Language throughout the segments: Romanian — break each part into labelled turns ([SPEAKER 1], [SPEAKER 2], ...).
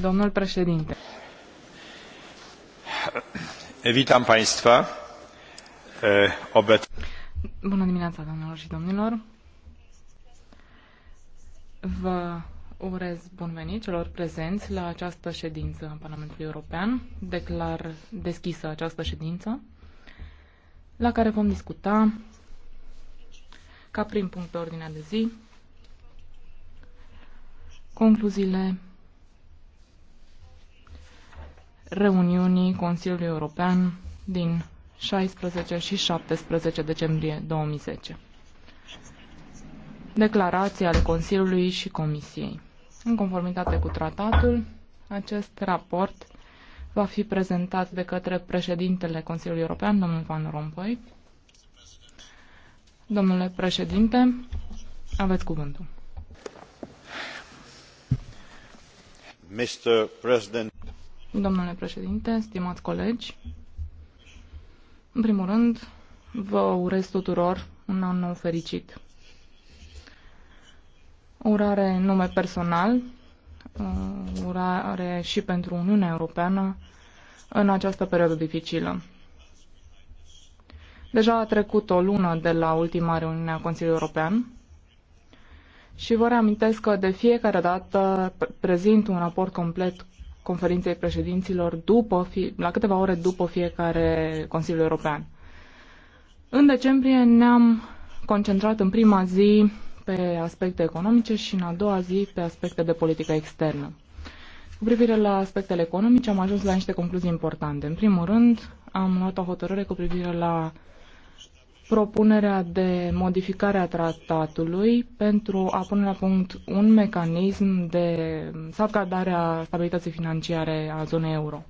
[SPEAKER 1] Domnul președinte.
[SPEAKER 2] evitam państwa. Obet...
[SPEAKER 1] Bună dimineața, doamnelor și domnilor. Vă urez bun venit celor prezenți la această ședință a Parlamentului European. Declar deschisă această ședință, la care vom discuta, ca prim punct de ordine de zi, concluziile reuniunii Consiliului European din 16 și 17 decembrie 2010. Declarații ale Consiliului și Comisiei. În conformitate cu tratatul, acest raport va fi prezentat de către președintele Consiliului European, domnul Van Rompuy. Domnule președinte, aveți cuvântul. Domnule președinte, stimați colegi, în primul rând, vă urez tuturor un an nou fericit. O urare în nume personal, uh, urare și pentru Uniunea Europeană în această perioadă dificilă. Deja a trecut o lună de la ultima reuniune a Consiliului European și vă reamintesc că de fiecare dată prezint un raport complet conferinței președinților după, la câteva ore după fiecare Consiliu European. În decembrie ne-am concentrat în prima zi pe aspecte economice și în a doua zi pe aspecte de politică externă. Cu privire la aspectele economice am ajuns la niște concluzii importante. În primul rând, am luat o hotărâre cu privire la propunerea de modificare a tratatului pentru a pune la punct un mecanism de salvgardare a stabilității financiare a zonei euro.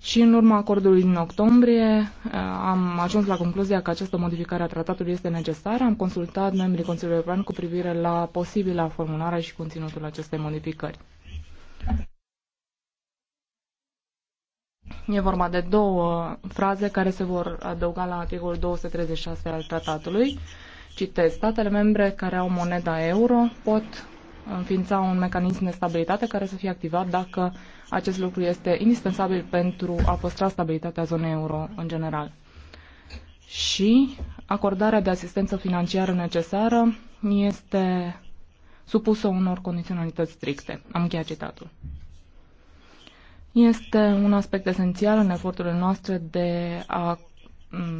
[SPEAKER 1] Și în urma acordului din octombrie eh, am ajuns la concluzia că această modificare a tratatului este necesară. Am consultat membrii Consiliului European cu privire la posibila formulare și conținutul acestei modificări. E vorba de două fraze care se vor adăuga la articolul 236 al tratatului. Citez, statele membre care au moneda euro pot înființa un mecanism de stabilitate care să fie activat dacă acest lucru este indispensabil pentru a păstra stabilitatea zonei euro în general. Și acordarea de asistență financiară necesară este supusă unor condiționalități stricte. Am încheiat citatul. Este un aspect esențial în eforturile noastre de a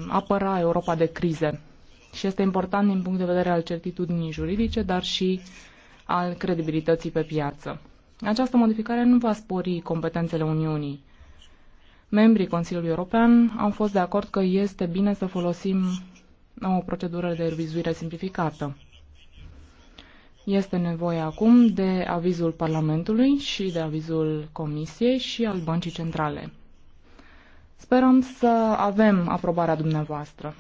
[SPEAKER 1] apăra Europa de crize și este important din punct de vedere al certitudinii juridice, dar și al credibilității pe piață. Această modificare nu va spori competențele Uniunii. Membrii Consiliului European au fost de acord că este bine să folosim o procedură de revizuire simplificată. Este nevoie acum de avizul Parlamentului și de avizul Comisiei și al Băncii Centrale. Sperăm să avem aprobarea dumneavoastră.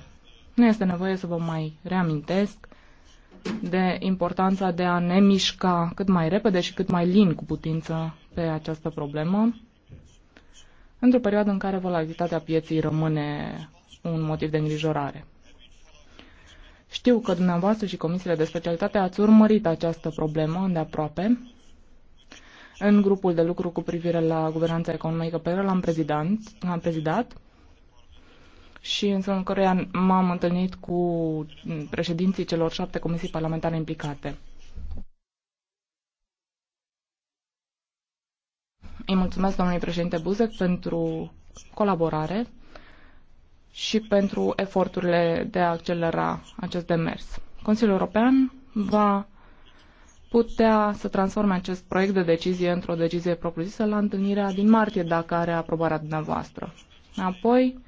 [SPEAKER 1] Nu este nevoie să vă mai reamintesc de importanța de a ne mișca cât mai repede și cât mai lin cu putință pe această problemă, într-o perioadă în care volatilitatea pieții rămâne un motiv de îngrijorare. Știu că dumneavoastră și comisiile de specialitate ați urmărit această problemă îndeaproape. În grupul de lucru cu privire la guvernanța economică pe care l-am prezidat, prezidat și în sânul căruia m-am întâlnit cu președinții celor șapte comisii parlamentare implicate. Îi mulțumesc domnului președinte Buzek pentru colaborare și pentru eforturile de a accelera acest demers. Consiliul European va putea să transforme acest proiect de decizie într-o decizie propriu-zisă la întâlnirea din martie, dacă are aprobarea dumneavoastră. Apoi,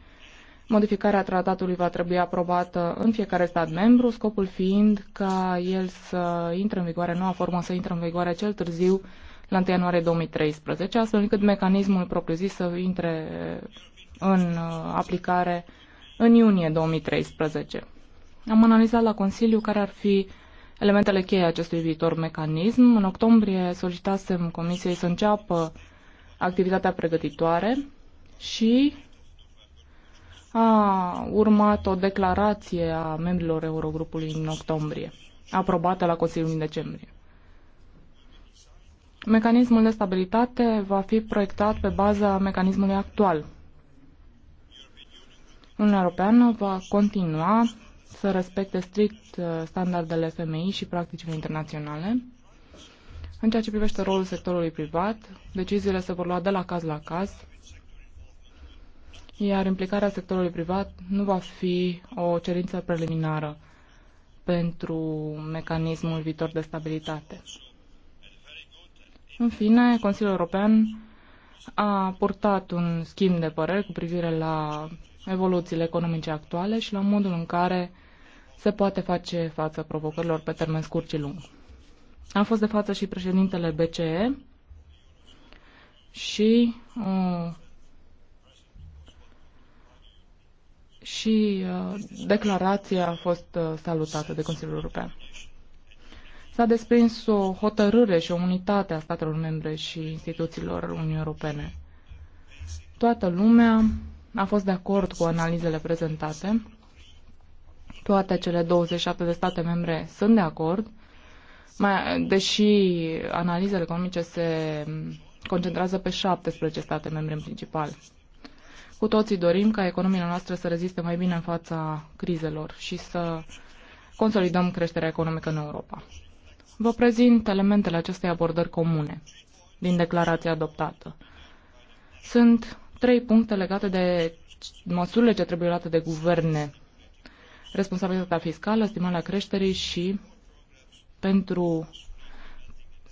[SPEAKER 1] modificarea tratatului va trebui aprobată în fiecare stat membru, scopul fiind ca el să intre în vigoare, noua formă să intre în vigoare cel târziu la 1 ianuarie 2013, astfel încât mecanismul propriu-zis să intre în uh, aplicare în iunie 2013. Am analizat la Consiliu care ar fi elementele cheie acestui viitor mecanism. În octombrie solicitasem Comisiei să înceapă activitatea pregătitoare și a urmat o declarație a membrilor Eurogrupului în octombrie, aprobată la Consiliul din decembrie. Mecanismul de stabilitate va fi proiectat pe baza mecanismului actual, Uniunea Europeană va continua să respecte strict uh, standardele FMI și practicile internaționale. În ceea ce privește rolul sectorului privat, deciziile se vor lua de la caz la caz, iar implicarea sectorului privat nu va fi o cerință preliminară pentru mecanismul viitor de stabilitate. În fine, Consiliul European a purtat un schimb de păreri cu privire la evoluțiile economice actuale și la modul în care se poate face față provocărilor pe termen scurt și lung. A fost de față și președintele BCE și uh, și uh, declarația a fost uh, salutată de Consiliul European s-a desprins o hotărâre și o unitate a statelor membre și instituțiilor Uniunii Europene. Toată lumea a fost de acord cu analizele prezentate, toate cele 27 de state membre sunt de acord, mai, deși analizele economice se concentrează pe 17 state membre în principal. Cu toții dorim ca economia noastră să reziste mai bine în fața crizelor și să consolidăm creșterea economică în Europa. Vă prezint elementele acestei abordări comune din declarația adoptată. Sunt trei puncte legate de măsurile ce trebuie luate de guverne. Responsabilitatea fiscală, stimarea creșterii și pentru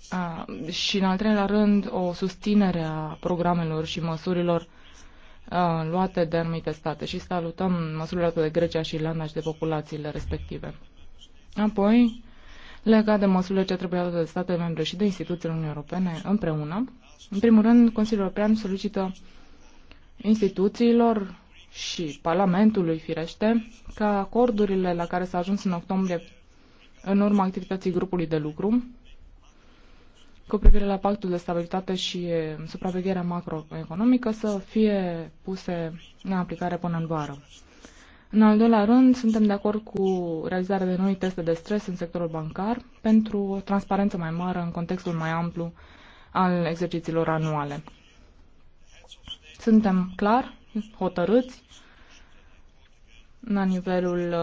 [SPEAKER 1] a, și în al treilea rând o susținere a programelor și măsurilor a, luate de anumite state și salutăm măsurile luate de Grecia și Irlanda și de populațiile respective. Apoi, legat de măsurile ce trebuie luate de statele membre și de instituțiile Uniunii Europene împreună. În primul rând, Consiliul European solicită instituțiilor și Parlamentului, firește, ca acordurile la care s-a ajuns în octombrie în urma activității grupului de lucru cu privire la pactul de stabilitate și supravegherea macroeconomică să fie puse în aplicare până în vară. În al doilea rând, suntem de acord cu realizarea de noi teste de stres în sectorul bancar pentru o transparență mai mare în contextul mai amplu al exercițiilor anuale. Suntem clar, hotărâți, la nivelul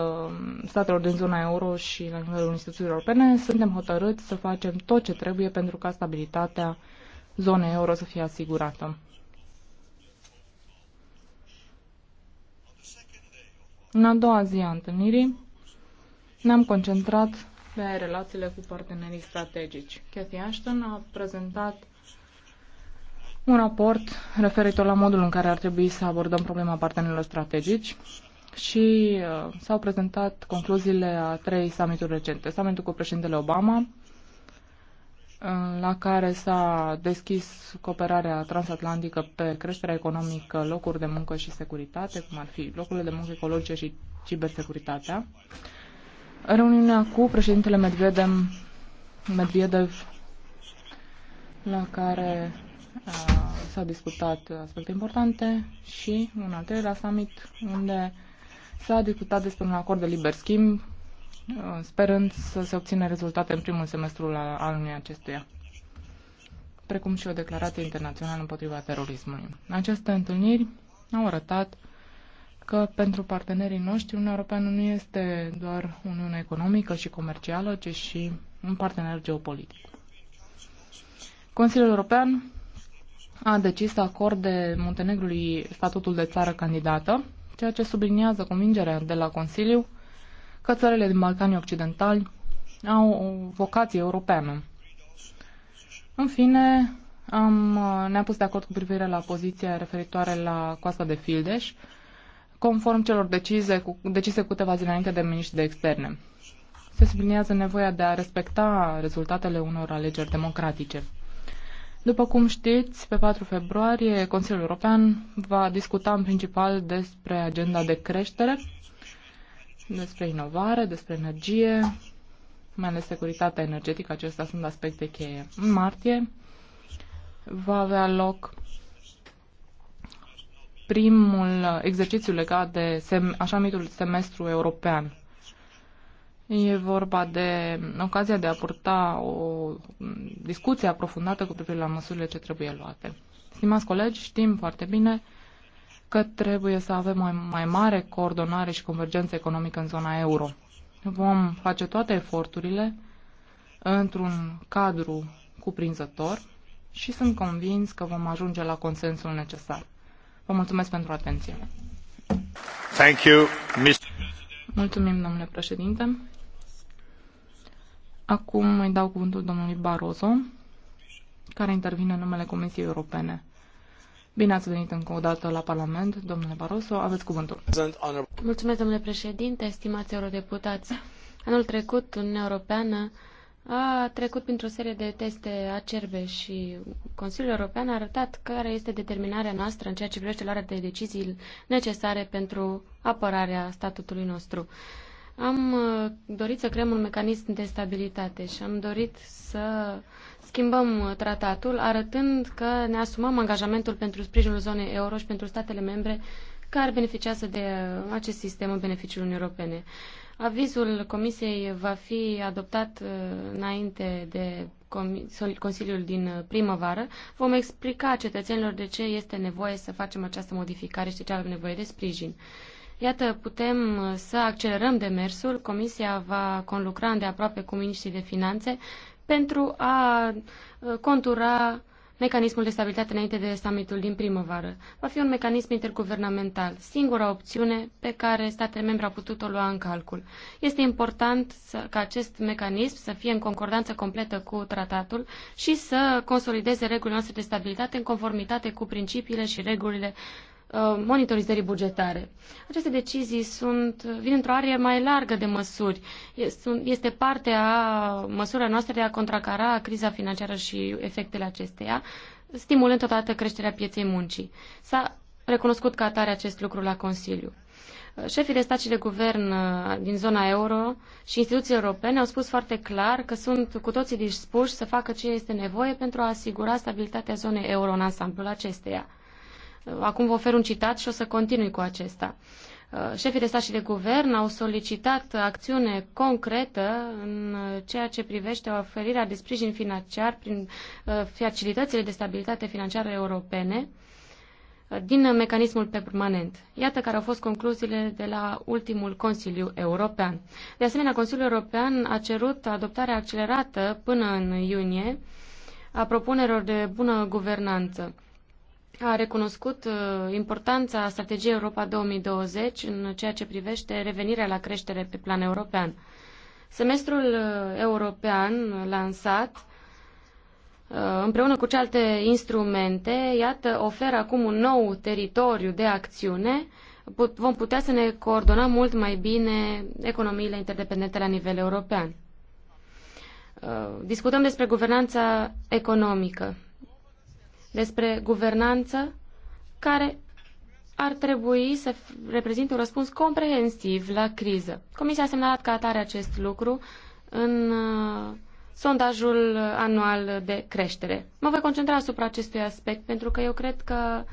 [SPEAKER 1] uh, statelor din zona euro și la nivelul instituțiilor europene, suntem hotărâți să facem tot ce trebuie pentru ca stabilitatea zonei euro să fie asigurată. În a doua zi a întâlnirii ne-am concentrat pe relațiile cu partenerii strategici. Cathy Ashton a prezentat un raport referitor la modul în care ar trebui să abordăm problema partenerilor strategici și uh, s-au prezentat concluziile a trei summituri recente. Summitul cu președintele Obama, Uh, la care s-a deschis cooperarea transatlantică pe creșterea economică, locuri de muncă și securitate, cum ar fi locurile de muncă ecologice și cibersecuritatea. Reuniunea cu președintele Medvedev, Medvedev la care uh, s-au discutat aspecte importante și un al treilea summit unde s-a discutat despre un acord de liber schimb Uh, sperând să se obțină rezultate în primul semestru al anului acestuia, precum și o declarație internațională împotriva terorismului. Aceste întâlniri au arătat că pentru partenerii noștri Uniunea Europeană nu este doar Uniune economică și comercială, ci și un partener geopolitic. Consiliul European a decis să acorde Muntenegrului statutul de țară candidată, ceea ce subliniază convingerea de la Consiliu că țările din Balcanii Occidentali au o vocație europeană. În fine, am, ne-am pus de acord cu privire la poziția referitoare la coasta de Fildeș, conform celor decize cu, decise câteva zile înainte de miniștri de externe. Se subliniază nevoia de a respecta rezultatele unor alegeri democratice. După cum știți, pe 4 februarie Consiliul European va discuta în principal despre agenda de creștere despre inovare, despre energie, mai ales securitatea energetică, acestea sunt aspecte cheie. În martie va avea loc primul exercițiu legat de sem, așa numitul semestru european. E vorba de ocazia de a purta o discuție aprofundată cu privire la măsurile ce trebuie luate. Stimați colegi, știm foarte bine că trebuie să avem mai, mai mare coordonare și convergență economică în zona euro. Vom face toate eforturile într-un cadru cuprinzător și sunt convins că vom ajunge la consensul necesar. Vă mulțumesc pentru atenție. Thank you, Mr. Mulțumim, domnule președinte. Acum îi dau cuvântul domnului Barroso, care intervine în numele Comisiei Europene. Bine ați venit încă o dată la Parlament, domnule Barroso, aveți cuvântul. Mulțumesc, domnule președinte, stimați
[SPEAKER 3] eurodeputați. Anul trecut, Uniunea Europeană a trecut printr-o serie de teste acerbe și Consiliul European a arătat care este determinarea noastră în ceea ce privește luarea de decizii necesare pentru apărarea statutului nostru. Uh, am uh, dorit să creăm un mecanism de stabilitate și am dorit să schimbăm uh, tratatul arătând că ne asumăm angajamentul pentru sprijinul zonei euro și pentru statele membre care beneficiază de uh, acest sistem în beneficiul Uniunii Europene. Avizul Comisiei va fi adoptat înainte de Consiliul din primăvară. Vom explica cetățenilor de ce este nevoie să facem această modificare și de ce avem nevoie de sprijin. Iată, putem uh, să accelerăm demersul. Comisia va conlucra îndeaproape cu ministrii de finanțe pentru a uh, contura mecanismul de stabilitate înainte de summitul din primăvară. Va fi un mecanism interguvernamental, singura opțiune pe care statele membre au putut-o lua în calcul. Este important să, ca acest mecanism să fie în concordanță completă cu tratatul și să consolideze regulile noastre de stabilitate în conformitate cu principiile și regulile Uh, monitorizării bugetare. Aceste decizii sunt, vin într-o arie mai largă de măsuri. Este parte a măsura noastră de a contracara criza financiară și efectele acesteia, stimulând totodată creșterea pieței muncii. S-a recunoscut ca atare acest lucru la Consiliu. Uh, șefii de stat și de guvern uh, din zona euro și instituții europene au spus foarte clar că sunt cu toții dispuși să facă ce este nevoie pentru a asigura stabilitatea zonei euro în ansamblul acesteia. Acum vă ofer un citat și o să continui cu acesta. Uh, șefii de stat și de guvern au solicitat acțiune concretă în ceea ce privește oferirea de sprijin financiar prin uh, facilitățile de stabilitate financiară europene uh, din mecanismul permanent. Iată care au fost concluziile de la ultimul Consiliu European. De asemenea, Consiliul European a cerut adoptarea accelerată până în iunie a propunerilor de bună guvernanță a recunoscut uh, importanța strategiei Europa 2020 în ceea ce privește revenirea la creștere pe plan european. Semestrul uh, european lansat uh, împreună cu celelalte instrumente, iată, oferă acum un nou teritoriu de acțiune. Vom putea să ne coordonăm mult mai bine economiile interdependente la nivel european. Discutăm despre guvernanța economică despre guvernanță, care ar trebui să reprezinte un răspuns comprehensiv la criză. Comisia a semnalat ca atare acest lucru în uh, sondajul anual de creștere. Mă voi concentra asupra acestui aspect pentru că eu cred că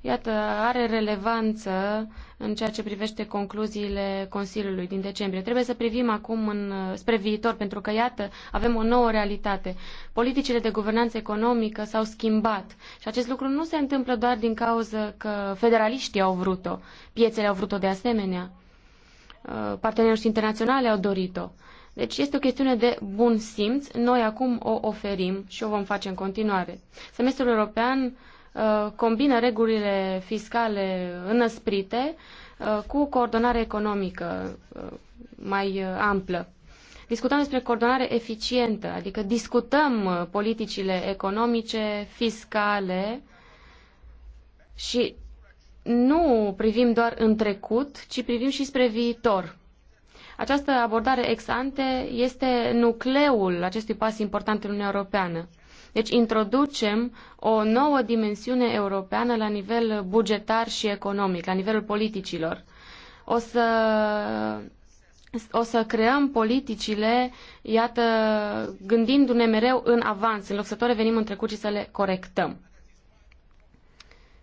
[SPEAKER 3] iată, are relevanță în ceea ce privește concluziile Consiliului din decembrie. Trebuie să privim acum în, spre viitor, pentru că, iată, avem o nouă realitate. Politicile de guvernanță economică s-au schimbat și acest lucru nu se întâmplă doar din cauza că federaliștii au vrut-o, piețele au vrut-o de asemenea, uh, partenerii internaționale au dorit-o. Deci este o chestiune de bun simț. Noi acum o oferim și o vom face în continuare. Semestrul european Uh, combină regulile fiscale înăsprite uh, cu coordonare economică uh, mai amplă. Discutăm despre coordonare eficientă, adică discutăm politicile economice, fiscale și nu privim doar în trecut, ci privim și spre viitor. Această abordare ex ante este nucleul acestui pas important în Uniunea Europeană. Deci introducem o nouă dimensiune europeană la nivel bugetar și economic, la nivelul politicilor. O să o să creăm politicile, iată, gândindu-ne mereu în avans, în loc să tot revenim în trecut și să le corectăm.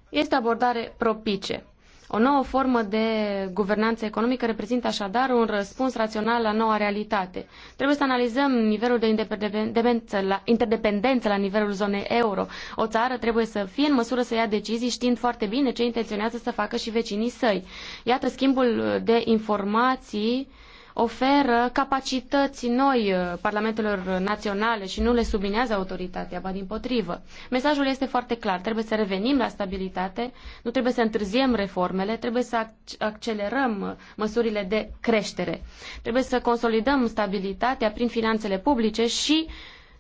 [SPEAKER 3] Este abordare propice. O nouă formă de guvernanță economică reprezintă așadar un răspuns rațional la noua realitate. Trebuie să analizăm nivelul de interdependență la, nivelul zonei euro. O țară trebuie să fie în măsură să ia decizii știind foarte bine ce intenționează să facă și vecinii săi. Iată, schimbul de informații uh, oferă capacități noi uh, parlamentelor naționale și nu le subminează autoritatea, ba din potrivă. Mesajul este foarte clar. Trebuie să revenim la stabilitate, nu trebuie să întârziem reformele, trebuie să accelerăm uh, măsurile de creștere. Trebuie să consolidăm stabilitatea prin finanțele publice și,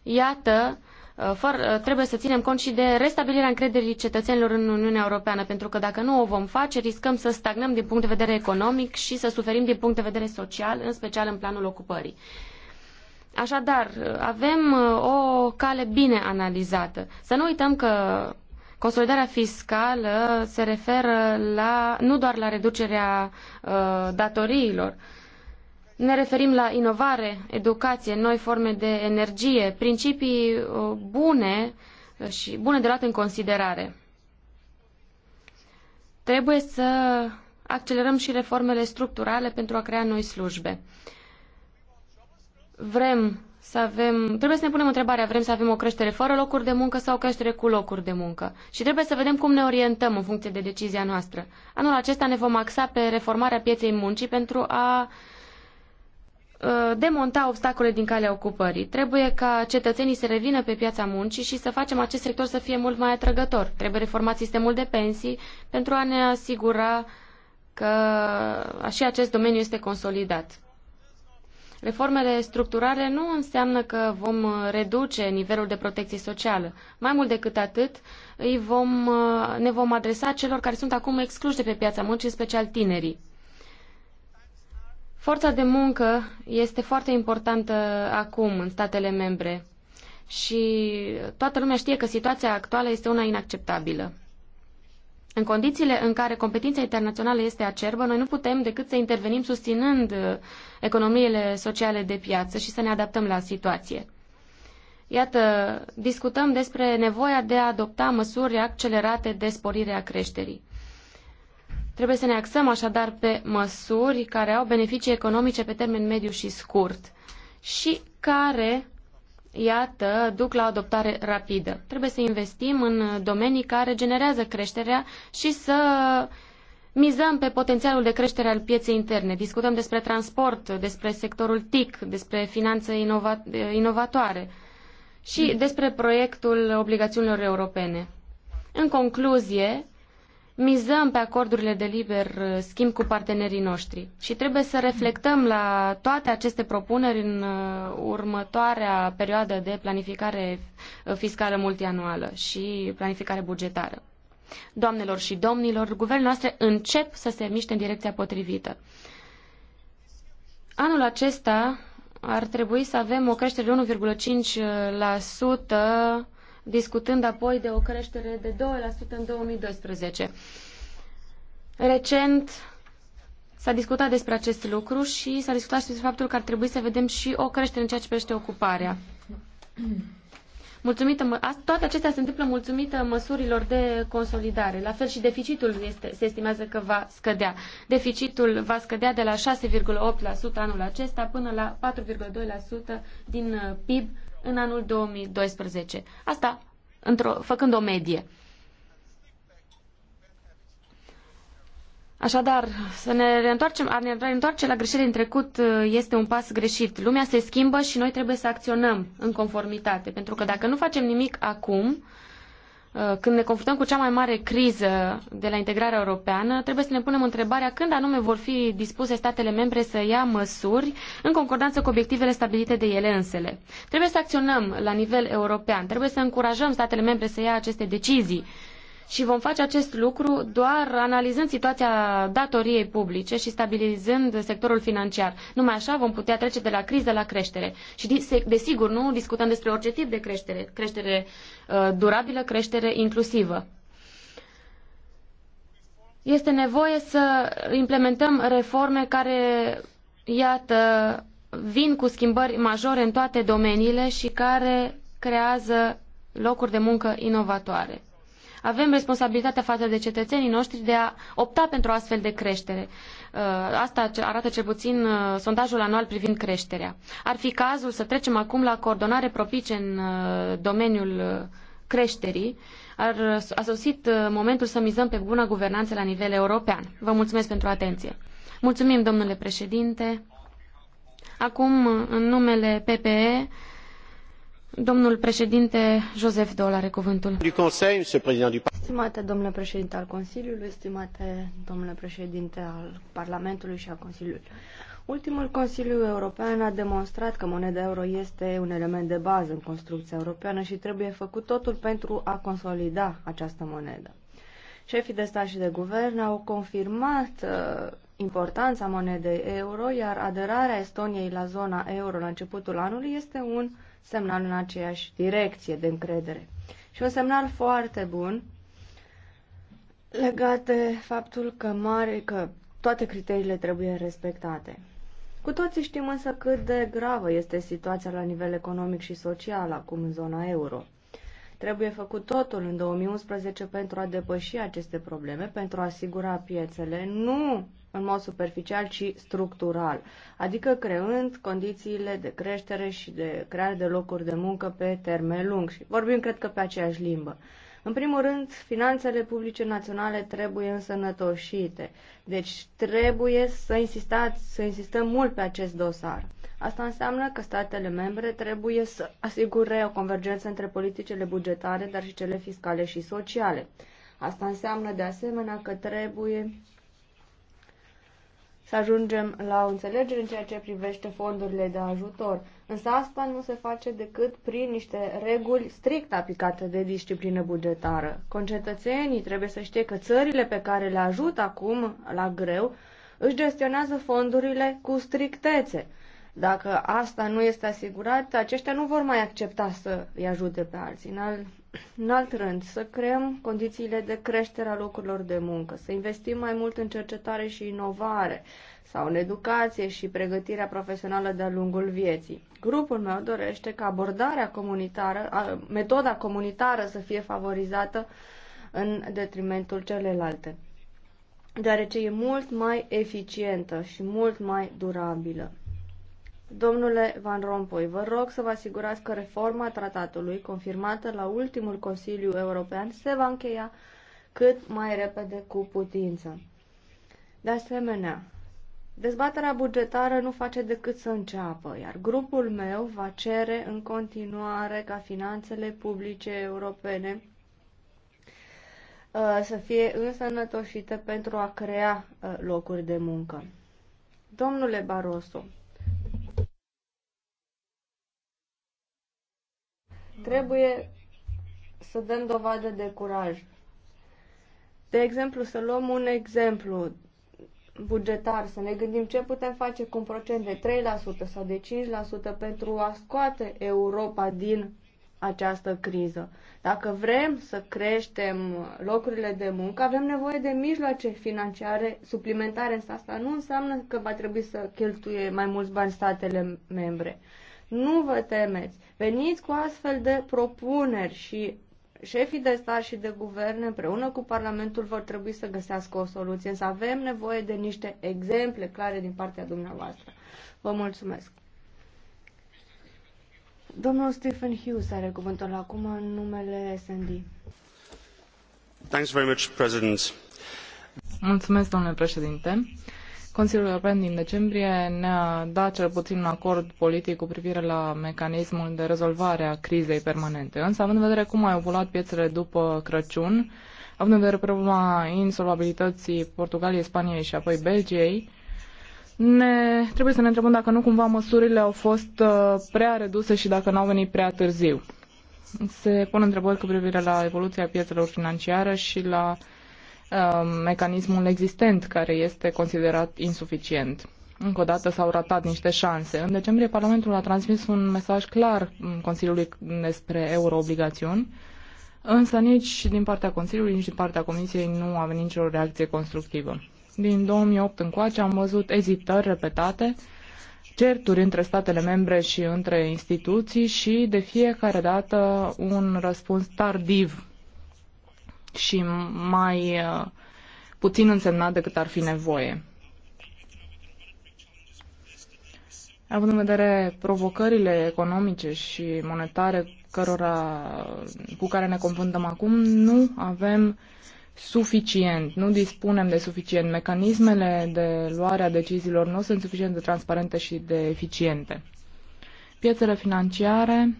[SPEAKER 3] iată, Uh, fără, uh, trebuie să ținem cont și de restabilirea încrederii cetățenilor în Uniunea Europeană, pentru că dacă nu o vom face, riscăm să stagnăm din punct de vedere economic și să suferim din punct de vedere social, în special în planul ocupării. Așadar, uh, avem o cale bine analizată. Să nu uităm că Consolidarea fiscală se referă la, nu doar la reducerea uh, datoriilor. Ne referim la inovare, educație, noi forme de energie, principii uh, bune uh, și bune de luat în considerare. Trebuie să accelerăm și reformele structurale pentru a crea noi slujbe. Vrem să avem, trebuie să ne punem întrebarea, vrem să avem o creștere fără locuri de muncă sau o creștere cu locuri de muncă? Și trebuie să vedem cum ne orientăm în funcție de decizia noastră. Anul acesta ne vom axa pe reformarea pieței muncii pentru a Uh, demonta obstacole din calea ocupării. Trebuie ca cetățenii să revină pe piața muncii și să facem acest sector să fie mult mai atrăgător. Trebuie reformat sistemul de pensii pentru a ne asigura că și acest domeniu este consolidat. Reformele structurale nu înseamnă că vom reduce nivelul de protecție socială. Mai mult decât atât, îi vom, uh, ne vom adresa celor care sunt acum excluși de pe piața muncii, în special tinerii. Forța de muncă este foarte importantă acum în statele membre și toată lumea știe că situația actuală este una inacceptabilă. În condițiile în care competiția internațională este acerbă, noi nu putem decât să intervenim susținând economiile sociale de piață și să ne adaptăm la situație. Iată, discutăm despre nevoia de a adopta măsuri accelerate de sporire a creșterii. Trebuie să ne axăm așadar pe măsuri care au beneficii economice pe termen mediu și scurt și care, iată, duc la adoptare rapidă. Trebuie să investim în domenii care generează creșterea și să mizăm pe potențialul de creștere al pieței interne. Discutăm despre transport, despre sectorul TIC, despre finanțe inova inovatoare și despre proiectul obligațiunilor europene. În concluzie, mizăm pe acordurile de liber uh, schimb cu partenerii noștri și trebuie să reflectăm la toate aceste propuneri în uh, următoarea perioadă de planificare uh, fiscală multianuală și planificare bugetară. Doamnelor și domnilor, guvernele noastre încep să se miște în direcția potrivită. Anul acesta ar trebui să avem o creștere de 1,5% discutând apoi de o creștere de 2% în 2012. Recent s-a discutat despre acest lucru și s-a discutat și despre faptul că ar trebui să vedem și o creștere în ceea ce privește ocuparea. Mulțumită, toate acestea se întâmplă mulțumită măsurilor de consolidare. La fel și deficitul este, se estimează că va scădea. Deficitul va scădea de la 6,8% anul acesta până la 4,2% din uh, PIB în anul 2012. Asta într-o, făcând o medie. Așadar, să ne reîntoarcem, a ne reîntoarce la greșeli în trecut uh, este un pas greșit. Lumea se schimbă și noi trebuie să acționăm în conformitate, pentru că dacă nu facem nimic acum, uh, Uh, când ne confruntăm cu cea mai mare criză de la integrarea europeană, trebuie să ne punem întrebarea când anume vor fi dispuse statele membre să ia măsuri în concordanță cu obiectivele stabilite de ele însele. Trebuie să acționăm la nivel european, trebuie să încurajăm statele membre să ia aceste decizii și vom face acest lucru doar analizând situația datoriei publice și stabilizând sectorul financiar. Numai așa vom putea trece de la criză la creștere. Și desigur, nu discutăm despre orice tip de creștere. Creștere uh, durabilă, creștere inclusivă. Este nevoie să implementăm reforme care, iată, vin cu schimbări majore în toate domeniile și care creează locuri de muncă inovatoare. Avem responsabilitatea față de cetățenii noștri de a opta pentru astfel de creștere. Uh, asta arată cel puțin uh, sondajul anual privind creșterea. Ar fi cazul să trecem acum la coordonare propice în uh, domeniul creșterii. Ar, a sosit momentul să mizăm pe bună guvernanță la nivel european. Vă mulțumesc pentru atenție. Mulțumim, domnule președinte. Acum, în numele PPE, Domnul președinte
[SPEAKER 2] Joseph are cuvântul. Stimate domnule președinte al Consiliului, stimate domnule președinte al Parlamentului și al Consiliului, ultimul Consiliu European a demonstrat că moneda euro este un element de bază în construcția europeană și trebuie făcut totul pentru a consolida această monedă. efii de stat și de guvern au confirmat uh, importanța monedei euro, iar aderarea Estoniei la zona euro la începutul anului este un semnal în aceeași direcție de încredere. Și un semnal foarte bun legat de faptul că, mare, că toate criteriile trebuie respectate. Cu toții știm însă cât de gravă este situația la nivel economic și social acum în zona euro. Trebuie făcut totul în 2011 pentru a depăși aceste probleme, pentru a asigura piețele, nu în mod superficial, ci structural, adică creând condițiile de creștere și de creare de locuri de muncă pe termen lung. Și vorbim, cred că, pe aceeași limbă. În primul rând, finanțele publice naționale trebuie însănătoșite. Deci trebuie să, insistați, să insistăm mult pe acest dosar. Asta înseamnă că statele membre trebuie să asigure o convergență între politicile bugetare, dar și cele fiscale și sociale. Asta înseamnă de asemenea că trebuie să ajungem la o înțelegere în ceea ce privește fondurile de ajutor. Însă asta nu se face decât prin niște reguli strict aplicate de disciplină bugetară. Concetățenii trebuie să știe că țările pe care le ajută acum la greu își gestionează fondurile cu strictețe dacă asta nu este asigurat, aceștia nu vor mai accepta să îi ajute pe alții. În alt, în alt rând, să creăm condițiile de creștere a locurilor de muncă, să investim mai mult în cercetare și inovare sau în educație și pregătirea profesională de-a lungul vieții. Grupul meu dorește ca abordarea comunitară, metoda comunitară să fie favorizată în detrimentul celelalte, deoarece e mult mai eficientă și mult mai durabilă. Domnule Van Rompuy, vă rog să vă asigurați că reforma tratatului, confirmată la ultimul Consiliu European, se va încheia cât mai repede cu putință. De asemenea, dezbaterea bugetară nu face decât să înceapă, iar grupul meu va cere în continuare ca finanțele publice europene uh, să fie însănătoșite pentru a crea uh, locuri de muncă. Domnule Barroso, Trebuie să dăm dovadă de curaj. De exemplu, să luăm un exemplu bugetar, să ne gândim ce putem face cu un procent de 3% sau de 5% pentru a scoate Europa din această criză. Dacă vrem să creștem locurile de muncă, avem nevoie de mijloace financiare suplimentare, asta nu înseamnă că va trebui să cheltuie mai mulți bani statele membre. Nu vă temeți! Veniți cu astfel de propuneri și șefii de stat și de guverne împreună cu Parlamentul vor trebui să găsească o soluție, însă avem nevoie de niște exemple clare din partea dumneavoastră. Vă mulțumesc! Domnul Stephen Hughes are cuvântul acum în numele SND.
[SPEAKER 3] Thanks very much, President.
[SPEAKER 1] Mulțumesc, domnule președinte. Consiliul European din decembrie ne-a dat cel puțin un acord politic cu privire la mecanismul de rezolvare a crizei permanente. Însă, având în vedere cum au evoluat piețele după Crăciun, având în vedere problema insolvabilității Portugaliei, Spaniei și apoi Belgiei, ne, trebuie să ne întrebăm dacă nu cumva măsurile au fost uh, prea reduse și dacă nu au venit prea târziu. Se pun întrebări cu privire la evoluția piețelor financiare și la uh, Um, mecanismul existent care este considerat insuficient. Încă o dată s-au ratat niște șanse. În decembrie Parlamentul a transmis un mesaj clar um, Consiliului despre euroobligațiuni, însă nici din partea Consiliului, nici din partea Comisiei nu a venit nicio reacție constructivă. Din 2008 încoace am văzut ezitări repetate, certuri între statele membre și între instituții și de fiecare dată un răspuns tardiv și mai uh, puțin însemnat decât ar fi nevoie. Având în vedere provocările economice și monetare cărora, cu care ne confruntăm acum, nu avem suficient, nu dispunem de suficient. Mecanismele de luare a deciziilor nu sunt suficient de transparente și de eficiente. Piețele financiare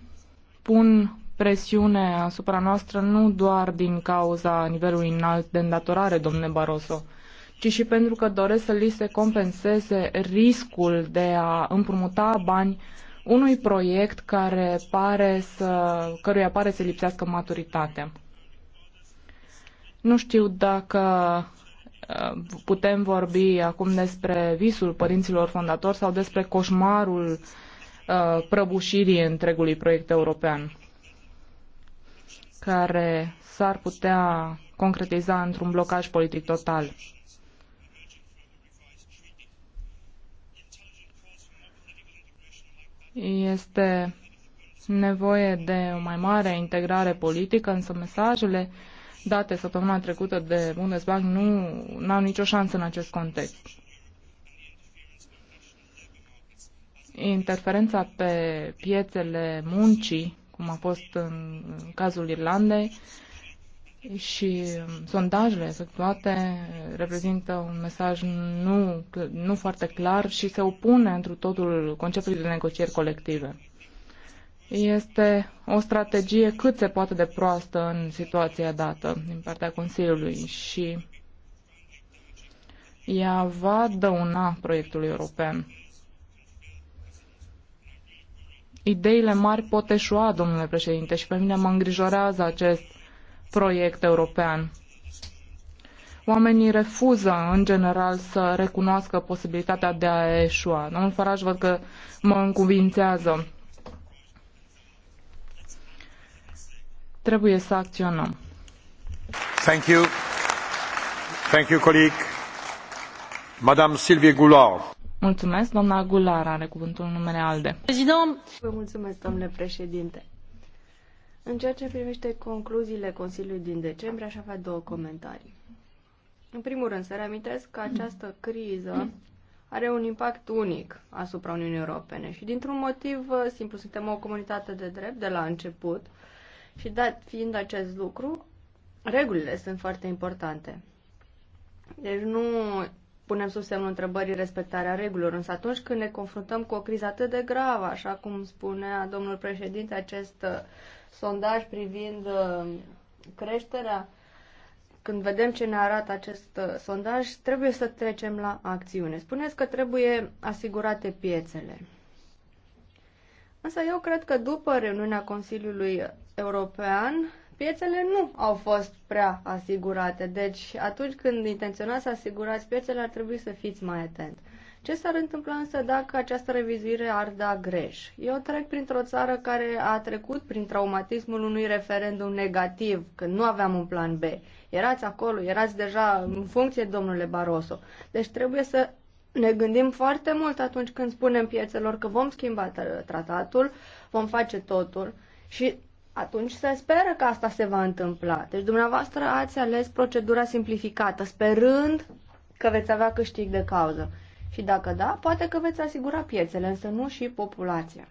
[SPEAKER 1] pun presiune asupra noastră nu doar din cauza nivelului înalt de îndatorare, domnule Barroso, ci și pentru că doresc să li se compenseze riscul de a împrumuta bani unui proiect care pare să, căruia pare să lipsească maturitatea. Nu știu dacă uh, putem vorbi acum despre visul părinților fondatori sau despre coșmarul uh, prăbușirii întregului proiect european care s-ar putea concretiza într-un blocaj politic total. Este nevoie de o mai mare integrare politică, însă mesajele date săptămâna trecută de Bundesbank nu au nicio șansă în acest context. Interferența pe piețele muncii cum a fost în cazul Irlandei, și sondajele efectuate reprezintă un mesaj nu, nu foarte clar și se opune într totul conceptului de negocieri colective. Este o strategie cât se poate de proastă în situația dată din partea Consiliului și ea va dăuna proiectului european. Ideile mari pot eșua, domnule președinte, și pe mine mă îngrijorează acest proiect european. Oamenii refuză, în general, să recunoască posibilitatea de a eșua. Domnul Faraj văd că mă încuvințează. Trebuie să acționăm. Thank you. Thank you, colleague. Madame Sylvie Goulard. Mulțumesc, doamna Aguilar are cuvântul în numele ALDE.
[SPEAKER 2] Vă mulțumesc, domnule președinte. În ceea ce privește concluziile Consiliului din decembrie, aș avea două comentarii. În primul rând, să reamintesc că această criză are un impact unic asupra Uniunii Europene și dintr-un motiv simplu, suntem o comunitate de drept de la început și dat fiind acest lucru, regulile sunt foarte importante. Deci nu punem sub semnul întrebării respectarea regulilor, însă atunci când ne confruntăm cu o criză atât de gravă, așa cum spunea domnul președinte, acest uh, sondaj privind uh, creșterea, când vedem ce ne arată acest uh, sondaj, trebuie să trecem la acțiune. Spuneți că trebuie asigurate piețele. Însă eu cred că după reuniunea Consiliului European piețele nu au fost prea asigurate. Deci, atunci când intenționați să asigurați piețele, ar trebui să fiți mai atent. Ce s-ar întâmpla însă dacă această revizuire ar da greș? Eu trec printr-o țară care a trecut prin traumatismul unui referendum negativ, când nu aveam un plan B. Erați acolo, erați deja în funcție, domnule Barroso. Deci trebuie să ne gândim foarte mult atunci când spunem piețelor că vom schimba tratatul, vom face totul și atunci se speră că asta se va întâmpla. Deci dumneavoastră ați ales procedura simplificată, sperând că veți avea câștig de cauză. Și dacă da, poate că veți asigura piețele, însă nu și populația.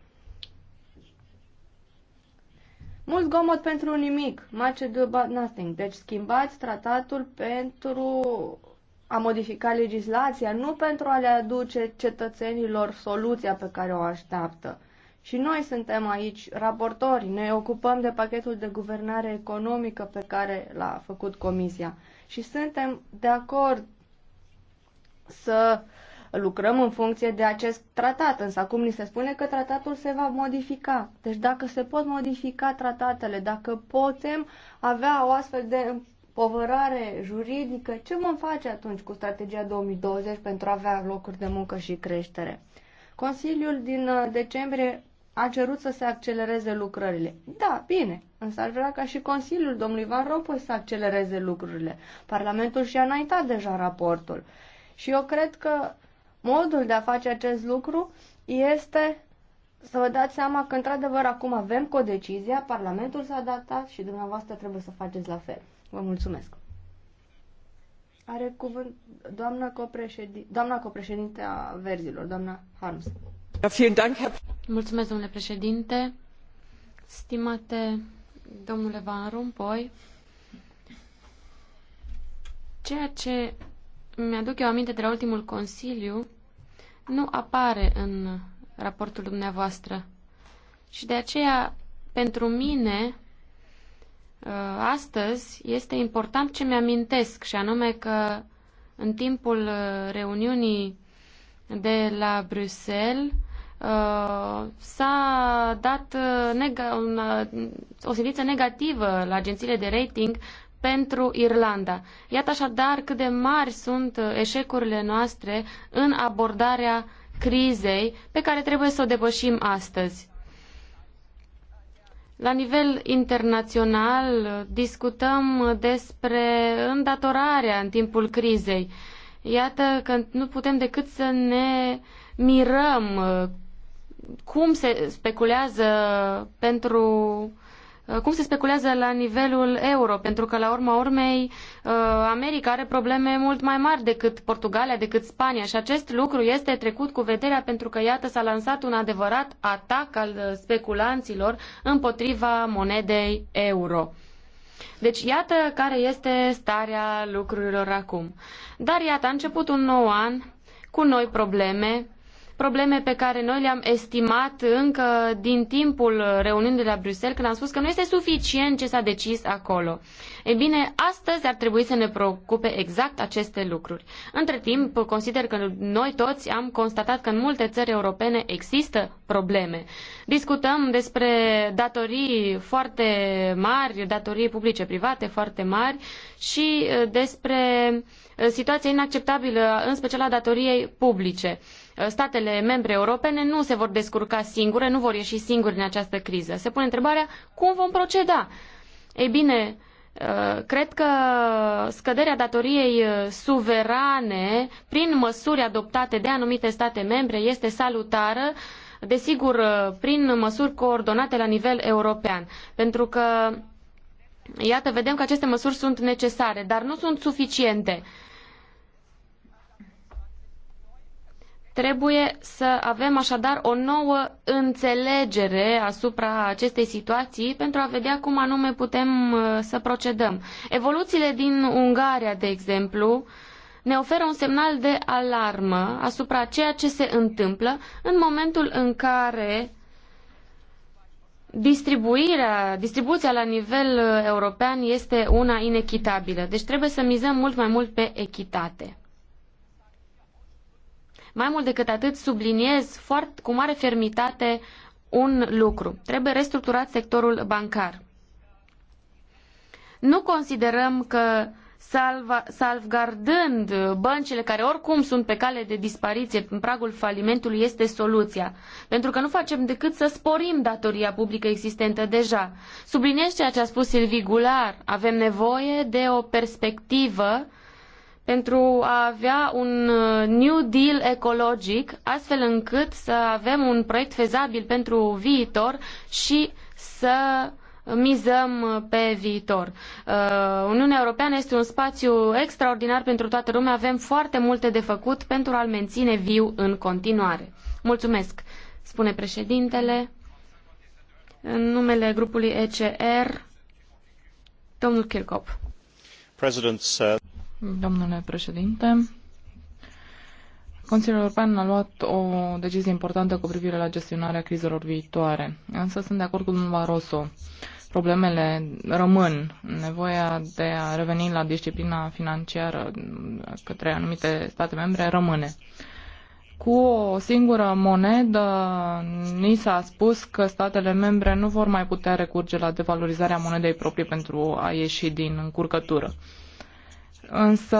[SPEAKER 2] Mult gomot pentru nimic. Much ado about nothing. Deci schimbați tratatul pentru a modifica legislația, nu pentru a le aduce cetățenilor soluția pe care o așteaptă. Și noi suntem aici raportori, ne ocupăm de pachetul de guvernare economică pe care l-a făcut Comisia și suntem de acord să lucrăm în funcție de acest tratat, însă acum ni se spune că tratatul se va modifica. Deci dacă se pot modifica tratatele, dacă putem avea o astfel de povărare juridică, ce vom face atunci cu strategia 2020 pentru a avea locuri de muncă și creștere? Consiliul din uh, decembrie a cerut să se accelereze lucrările. Da, bine, însă ar vrea ca și Consiliul domnului Van Rompuy să accelereze lucrurile. Parlamentul și-a înaintat deja raportul. Și eu cred că modul de a face acest lucru este să vă dați seama că, într-adevăr, acum avem codecizia, Parlamentul s-a datat și dumneavoastră trebuie să faceți la fel. Vă mulțumesc. Are cuvânt doamna copreședinte, doamna copreședinte a verzilor, doamna Harms
[SPEAKER 3] domnule președinte. domnule Van ceea ce mi-aduc eu aminte de la ultimul Consiliu nu apare în raportul dumneavoastră. Și de aceea, pentru mine, uh, astăzi este important ce mi-amintesc, și anume că în timpul uh, reuniunii de la Bruxelles, Uh, s-a dat uh, uh, o sentință negativă la agențiile de rating pentru Irlanda. Iată așadar cât de mari sunt eșecurile noastre în abordarea crizei pe care trebuie să o depășim astăzi. La nivel internațional discutăm despre îndatorarea în timpul crizei. Iată că nu putem decât să ne mirăm cum se speculează pentru uh, cum se speculează la nivelul euro, pentru că la urma urmei uh, America are probleme mult mai mari decât Portugalia, decât Spania și acest lucru este trecut cu vederea pentru că iată s-a lansat un adevărat atac al uh, speculanților împotriva monedei euro. Deci iată care este starea lucrurilor acum. Dar iată, a început un nou an cu noi probleme, probleme pe care noi le-am estimat încă din timpul reuniunii de la Bruxelles, când am spus că nu este suficient ce s-a decis acolo. E bine, astăzi ar trebui să ne preocupe exact aceste lucruri. Între timp, consider că noi toți am constatat că în multe țări europene există probleme. Discutăm despre datorii foarte mari, datorii publice-private foarte mari și eh, despre eh, situația inacceptabilă, în special a datoriei publice statele membre europene nu se vor descurca singure, nu vor ieși singuri din această criză. Se pune întrebarea cum vom proceda. Ei bine, uh, cred că scăderea datoriei uh, suverane prin măsuri adoptate de anumite state membre este salutară, desigur, uh, prin măsuri coordonate la nivel european. Pentru că Iată, vedem că aceste măsuri sunt necesare, dar nu sunt suficiente. Uh, Trebuie să avem așadar o nouă înțelegere asupra acestei situații pentru a vedea cum anume putem uh, să procedăm. Evoluțiile din Ungaria, de exemplu, ne oferă un semnal de alarmă asupra ceea ce se întâmplă în momentul în care distribuirea, distribuția la nivel uh, european este una inechitabilă. Deci trebuie să mizăm mult mai mult pe echitate. Mai mult decât atât, subliniez foarte, cu mare fermitate un lucru. Trebuie restructurat sectorul bancar. Nu considerăm că salva, salvgardând băncile care oricum sunt pe cale de dispariție în pragul falimentului este soluția. Pentru că nu facem decât să sporim datoria publică existentă deja. Subliniez ceea ce a spus Silvi Gular. Avem nevoie de o perspectivă pentru a avea un uh, New Deal ecologic, astfel încât să avem un proiect fezabil pentru viitor și să mizăm pe viitor. Uh, Uniunea Europeană este un spațiu extraordinar pentru toată lumea. Avem foarte multe de făcut pentru a-l menține viu în continuare. Mulțumesc, spune președintele. În numele grupului ECR,
[SPEAKER 1] domnul Kirchhoff. President, uh... Domnule președinte, Consiliul European a luat o decizie importantă cu privire la gestionarea crizelor viitoare. Însă sunt de acord cu domnul Barroso. Problemele rămân. Nevoia de a reveni la disciplina financiară către anumite state membre rămâne. Cu o singură monedă, ni s-a spus că statele membre nu vor mai putea recurge la devalorizarea monedei proprii pentru a ieși din încurcătură. Însă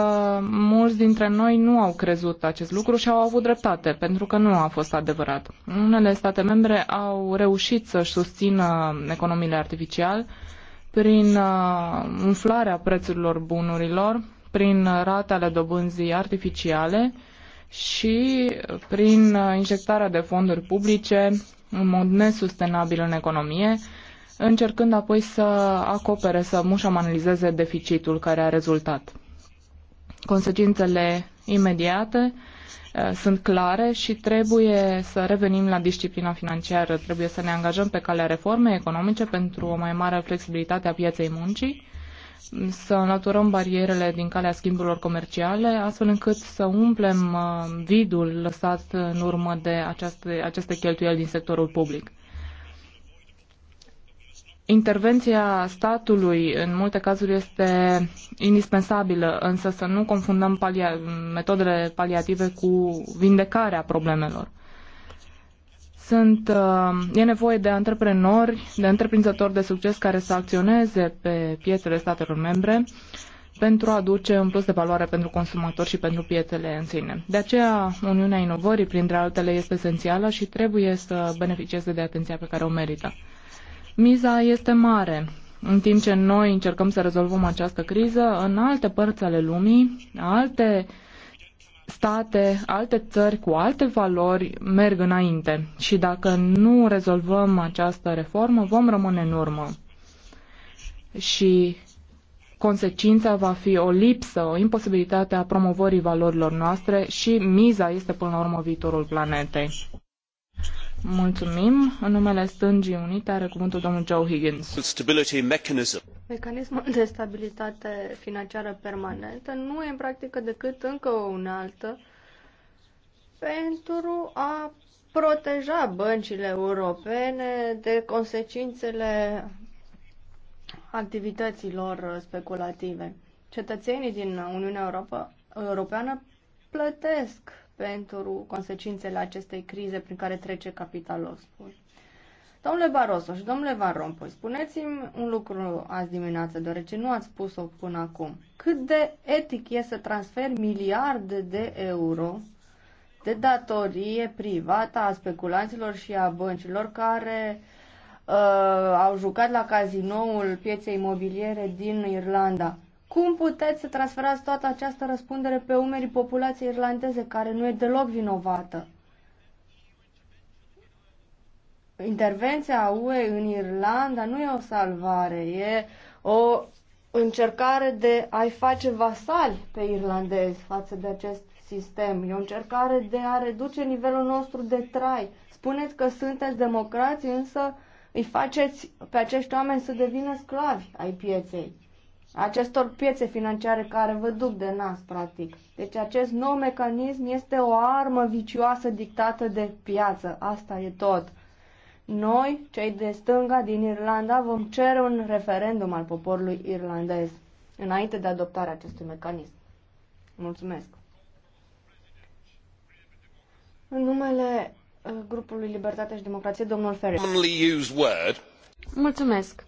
[SPEAKER 1] mulți dintre noi nu au crezut acest lucru și au avut dreptate, pentru că nu a fost adevărat. Unele state membre au reușit să-și susțină economiile artificial prin uh, umflarea prețurilor bunurilor, prin ratele dobânzii artificiale și prin uh, injectarea de fonduri publice în mod nesustenabil în economie, încercând apoi să acopere, să mușamanalizeze deficitul care a rezultat. Consecințele imediate uh, sunt clare și trebuie să revenim la disciplina financiară. Trebuie să ne angajăm pe calea reformei economice pentru o mai mare flexibilitate a pieței muncii, să înlăturăm barierele din calea schimburilor comerciale, astfel încât să umplem uh, vidul lăsat în urmă de aceste, aceste cheltuieli din sectorul public. Intervenția statului în multe cazuri este indispensabilă, însă să nu confundăm palia- metodele paliative cu vindecarea problemelor. Sunt, uh, e nevoie de antreprenori, de întreprinzători de succes care să acționeze pe piețele statelor membre pentru a aduce un plus de valoare pentru consumatori și pentru piețele în sine. De aceea, Uniunea Inovării, printre altele, este esențială și trebuie să beneficieze de atenția pe care o merită. Miza este mare. În timp ce noi încercăm să rezolvăm această criză, în alte părți ale lumii, alte state, alte țări cu alte valori merg înainte. Și dacă nu rezolvăm această reformă, vom rămâne în urmă. Și consecința va fi o lipsă, o imposibilitate a promovării valorilor noastre și miza este până la urmă viitorul planetei. Joe Higgins.
[SPEAKER 2] Mecanismul de stabilitate financiară permanentă nu e în practică decât încă o unaltă pentru a proteja băncile europene de consecințele activităților speculative. Cetățenii din Uniunea Europa, Europeană plătesc pentru consecințele acestei crize prin care trece capitalul Domnule Barroso și domnule Van Rompuy, spuneți-mi un lucru azi dimineață, deoarece nu ați spus-o până acum. Cât de etic e să transfer miliarde de euro de datorie privată a speculanților și a băncilor care uh, au jucat la cazinoul pieței imobiliere din Irlanda? Cum puteți să transferați toată această răspundere pe umerii populației irlandeze, care nu e deloc vinovată? Intervenția UE în Irlanda nu e o salvare, e o încercare de a-i face vasali pe irlandezi față de acest sistem. E o încercare de a reduce nivelul nostru de trai. Spuneți că sunteți democrații, însă îi faceți pe acești oameni să devină sclavi ai pieței acestor piețe financiare care vă duc de nas, practic. Deci acest nou mecanism este o armă vicioasă dictată de piață. Asta e tot. Noi, cei de stânga din Irlanda, vom cere un referendum al poporului irlandez înainte de adoptarea acestui mecanism. Mulțumesc. În numele uh, grupului Libertate și Democrație, domnul Ferrer. Mulțumesc.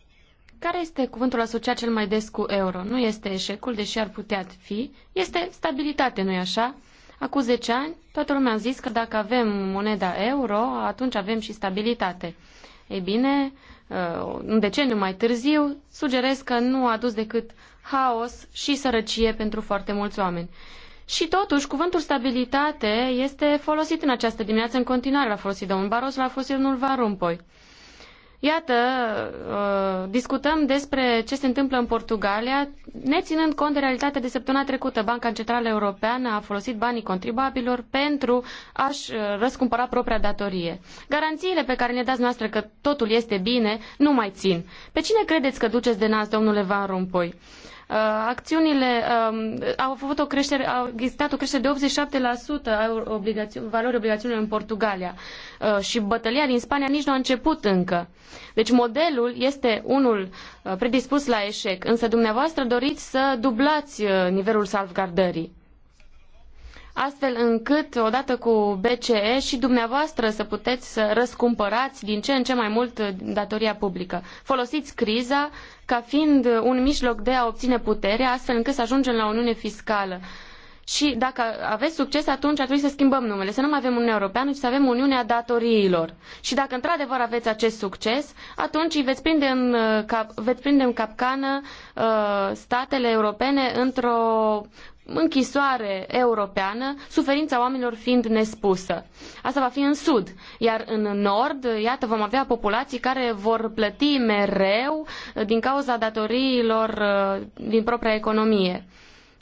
[SPEAKER 2] Care este cuvântul
[SPEAKER 3] asociat cel mai des cu euro? Nu este eșecul, deși ar putea fi, este stabilitate, nu-i așa? Acum 10 ani, toată lumea a zis că dacă avem moneda euro, atunci avem și stabilitate. Ei bine, uh, un deceniu mai târziu, sugerez că nu a adus decât haos și sărăcie pentru foarte mulți oameni. Și totuși, cuvântul stabilitate este folosit în această dimineață în continuare. L-a folosit domnul Baros, l-a folosit domnul Varumpoi. Iată, uh, discutăm despre ce se întâmplă în Portugalia, ne ținând cont de realitatea de săptămâna trecută. Banca Centrală Europeană a folosit banii contribuabilor pentru a-și uh, răscumpăra propria datorie. Garanțiile pe care ne dați noastră că totul este bine nu mai țin. Pe cine credeți că duceți de nas, domnule Van Rompuy? Uh, acțiunile um, au avut o creștere, au existat o creștere de 87% a valorii obligațiunilor în Portugalia uh, și bătălia din Spania nici nu a început încă. Deci modelul este unul uh, predispus la eșec, însă dumneavoastră doriți să dublați nivelul salvgardării astfel încât, odată cu BCE, și dumneavoastră să puteți să răscumpărați din ce în ce mai mult datoria publică. Folosiți criza ca fiind un mijloc de a obține putere, astfel încât să ajungem la o uniune fiscală. Și dacă aveți succes, atunci ar trebui să schimbăm numele, să nu mai avem Uniunea Europeană, ci să avem Uniunea Datoriilor. Și dacă într-adevăr aveți acest succes, atunci îi veți prinde în, uh, cap, veți prinde în capcană uh, statele europene într-o închisoare europeană, suferința oamenilor fiind nespusă. Asta va fi în sud, iar în nord, iată, vom avea populații care vor plăti mereu din cauza datoriilor uh, din propria economie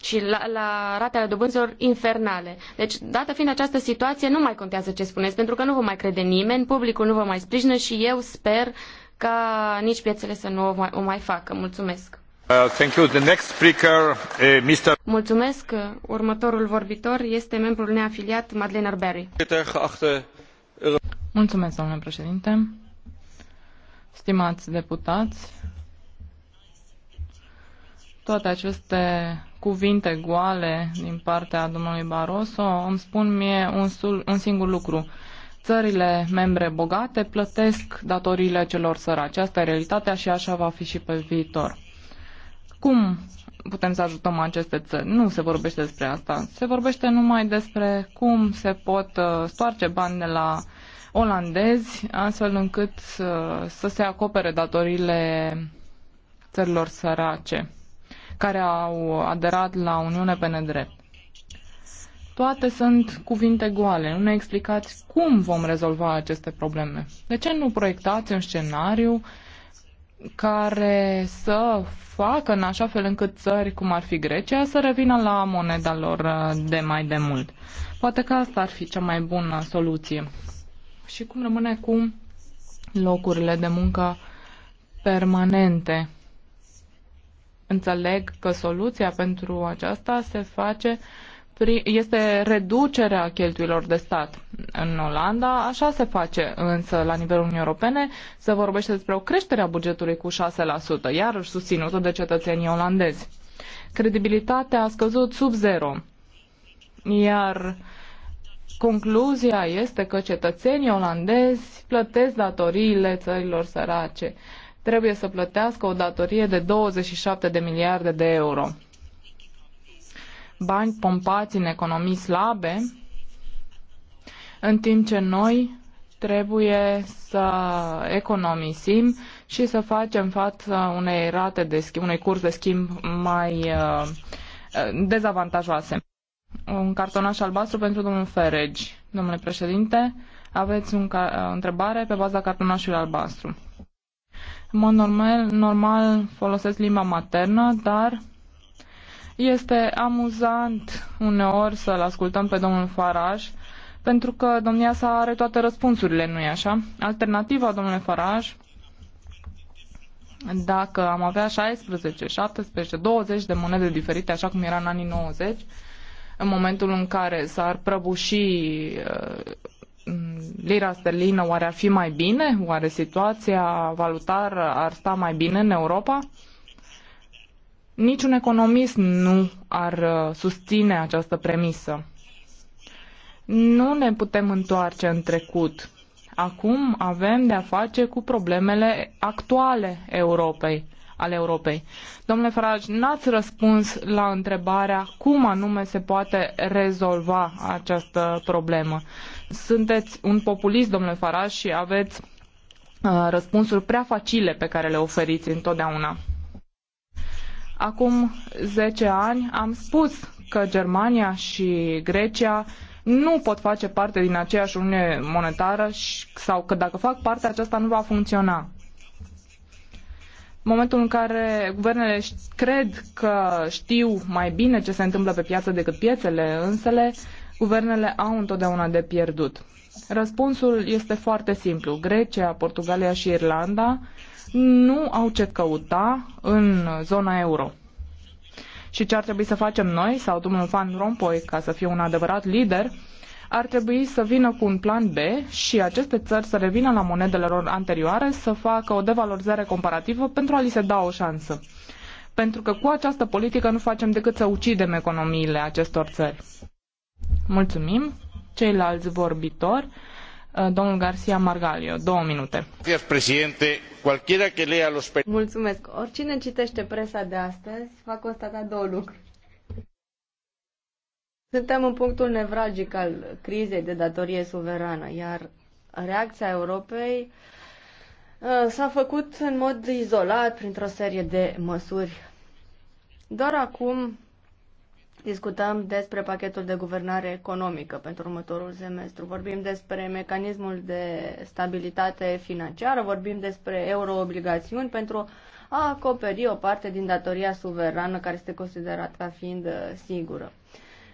[SPEAKER 3] și la, la ratele dobânzilor infernale. Deci, dată fiind această situație, nu mai contează ce spuneți, pentru că nu vă mai crede nimeni, publicul nu vă mai sprijină și eu sper ca nici piețele să nu o mai, o mai facă. Mulțumesc!
[SPEAKER 1] Uh, uh, Mulțumesc.
[SPEAKER 3] Următorul vorbitor
[SPEAKER 1] este membrul neafiliat Madeleine Arbery. Mulțumesc, domnule președinte. Stimați deputați, toate aceste cuvinte goale din partea domnului Barroso îmi spun mie un, sul, un singur lucru. Țările membre bogate plătesc datoriile celor sărace. Asta e realitatea și așa va fi și pe viitor cum putem să ajutăm aceste țări. Nu se vorbește despre asta. Se vorbește numai despre cum se pot uh, stoarce bani de la olandezi, astfel încât să se acopere datorile țărilor sărace care au aderat la Uniune pe nedrept. Toate sunt cuvinte goale, nu ne explicați cum vom rezolva aceste probleme. De ce nu proiectați un scenariu uh, care să facă în așa fel încât țări cum ar fi Grecia să revină la moneda lor uh, de mai de mult. Poate că asta ar fi cea mai bună soluție. Și cum rămâne cu locurile de muncă permanente? Înțeleg că soluția pentru aceasta se face uh, este reducerea cheltuielor de stat. În Olanda așa se face, însă la nivelul Uniunii Europene se vorbește despre o creștere a bugetului cu 6%, iarăși susținută de cetățenii olandezi. Credibilitatea a scăzut sub zero, iar concluzia este că cetățenii olandezi plătesc datoriile țărilor sărace. Trebuie să plătească o datorie de 27 de miliarde de euro bani pompați în economii slabe, în timp ce noi trebuie să economisim și să facem față unei rate de schimb, unei curs de schimb mai uh, dezavantajoase. Un cartonaș albastru pentru domnul Feregi. Domnule președinte, aveți un o uh, întrebare pe baza cartonașului albastru. În mod normal, normal folosesc limba maternă, dar este amuzant uneori să-l ascultăm pe domnul Faraj, pentru că domnia sa are toate răspunsurile, nu-i așa? Alternativa, domnule Faraj, dacă am avea 16, 17, 20 de monede diferite, așa cum era în anii 90, în momentul în care s-ar prăbuși uh, lira sterlină, oare ar fi mai bine? Oare situația valutară ar sta mai bine în Europa? Niciun economist nu ar uh, susține această premisă. Nu ne putem întoarce în trecut. Acum avem de-a face cu problemele actuale Europei, ale Europei. Domnule Farage, n-ați răspuns la întrebarea cum anume se poate rezolva această problemă. Sunteți un populist, domnule Farage, și aveți uh, răspunsuri prea facile pe care le oferiți întotdeauna. Acum 10 ani am spus că Germania și Grecia nu pot face parte din aceeași Uniune Monetară sau că dacă fac parte aceasta nu va funcționa momentul în care guvernele cred că știu mai bine ce se întâmplă pe piață decât piețele însele, guvernele au întotdeauna de pierdut. Răspunsul este foarte simplu. Grecia, Portugalia și Irlanda nu au ce căuta în zona euro. Și ce ar trebui să facem noi, sau domnul Van Rompuy, ca să fie un adevărat lider, ar trebui să vină cu un plan B și aceste țări să revină la monedele lor anterioare, să facă o devalorizare comparativă pentru a li se da o șansă. Pentru că cu această politică nu facem decât să ucidem economiile acestor țări. Mulțumim. Ceilalți vorbitori Uh, domnul Garcia Margalio. Două minute.
[SPEAKER 2] Mulțumesc. Oricine citește presa de astăzi va constata două lucruri. Suntem în punctul nevralgic al crizei de datorie suverană, iar reacția Europei uh, s-a făcut în mod izolat printr-o serie de măsuri. Doar acum discutăm despre pachetul de guvernare economică pentru următorul semestru. Vorbim despre mecanismul de stabilitate financiară, vorbim despre euroobligațiuni pentru a acoperi o parte din datoria suverană care este considerată ca fiind uh, sigură.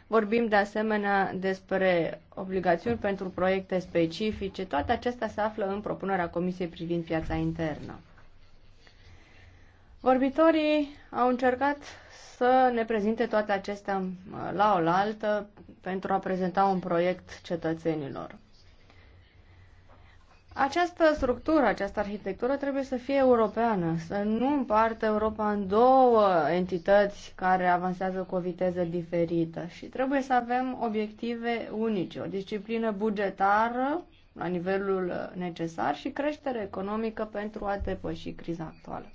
[SPEAKER 2] Vorbim de asemenea despre obligațiuni pentru proiecte specifice. Toate acestea se află în propunerea Comisiei privind piața internă. Vorbitorii au încercat să ne prezinte toate acestea uh, la oaltă pentru a prezenta un proiect cetățenilor. Această structură, această arhitectură trebuie să fie europeană, să nu împartă Europa în două entități care avansează cu o viteză diferită și trebuie să avem obiective unice, o disciplină bugetară la nivelul necesar și creștere economică pentru a depăși criza actuală.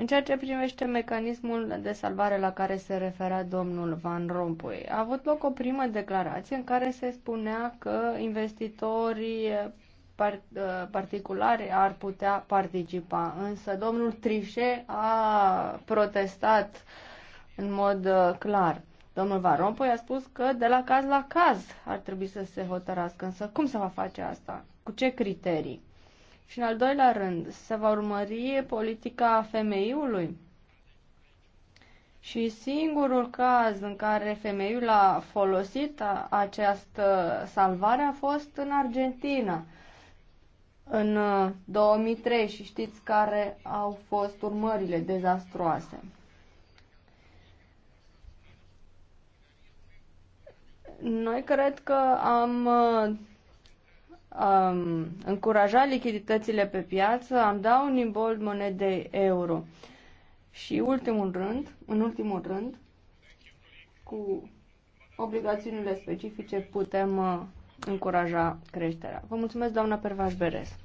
[SPEAKER 2] În ceea ce privește mecanismul de salvare la care se referea domnul Van Rompuy, a avut loc o primă declarație în care se spunea că investitorii eh, eh, particulare ar putea participa. Însă domnul Trichet a protestat în mod eh, clar. Domnul Van Rompuy a spus că de la caz la caz ar trebui să se hotărască. Însă cum se va face asta? Cu ce criterii? Și în al doilea rând, se va urmări politica femeiului. Și singurul caz în care femeiul a folosit această salvare a fost în Argentina în 2003 uh, și știți care au fost urmările dezastroase. Noi cred că am uh, um, încuraja lichiditățile pe piață, am dat un imbold monedei euro. Și ultimul rând, în ultimul rând, cu obligațiunile specifice putem uh, încuraja creșterea. Vă mulțumesc, doamna Pervaș Beres.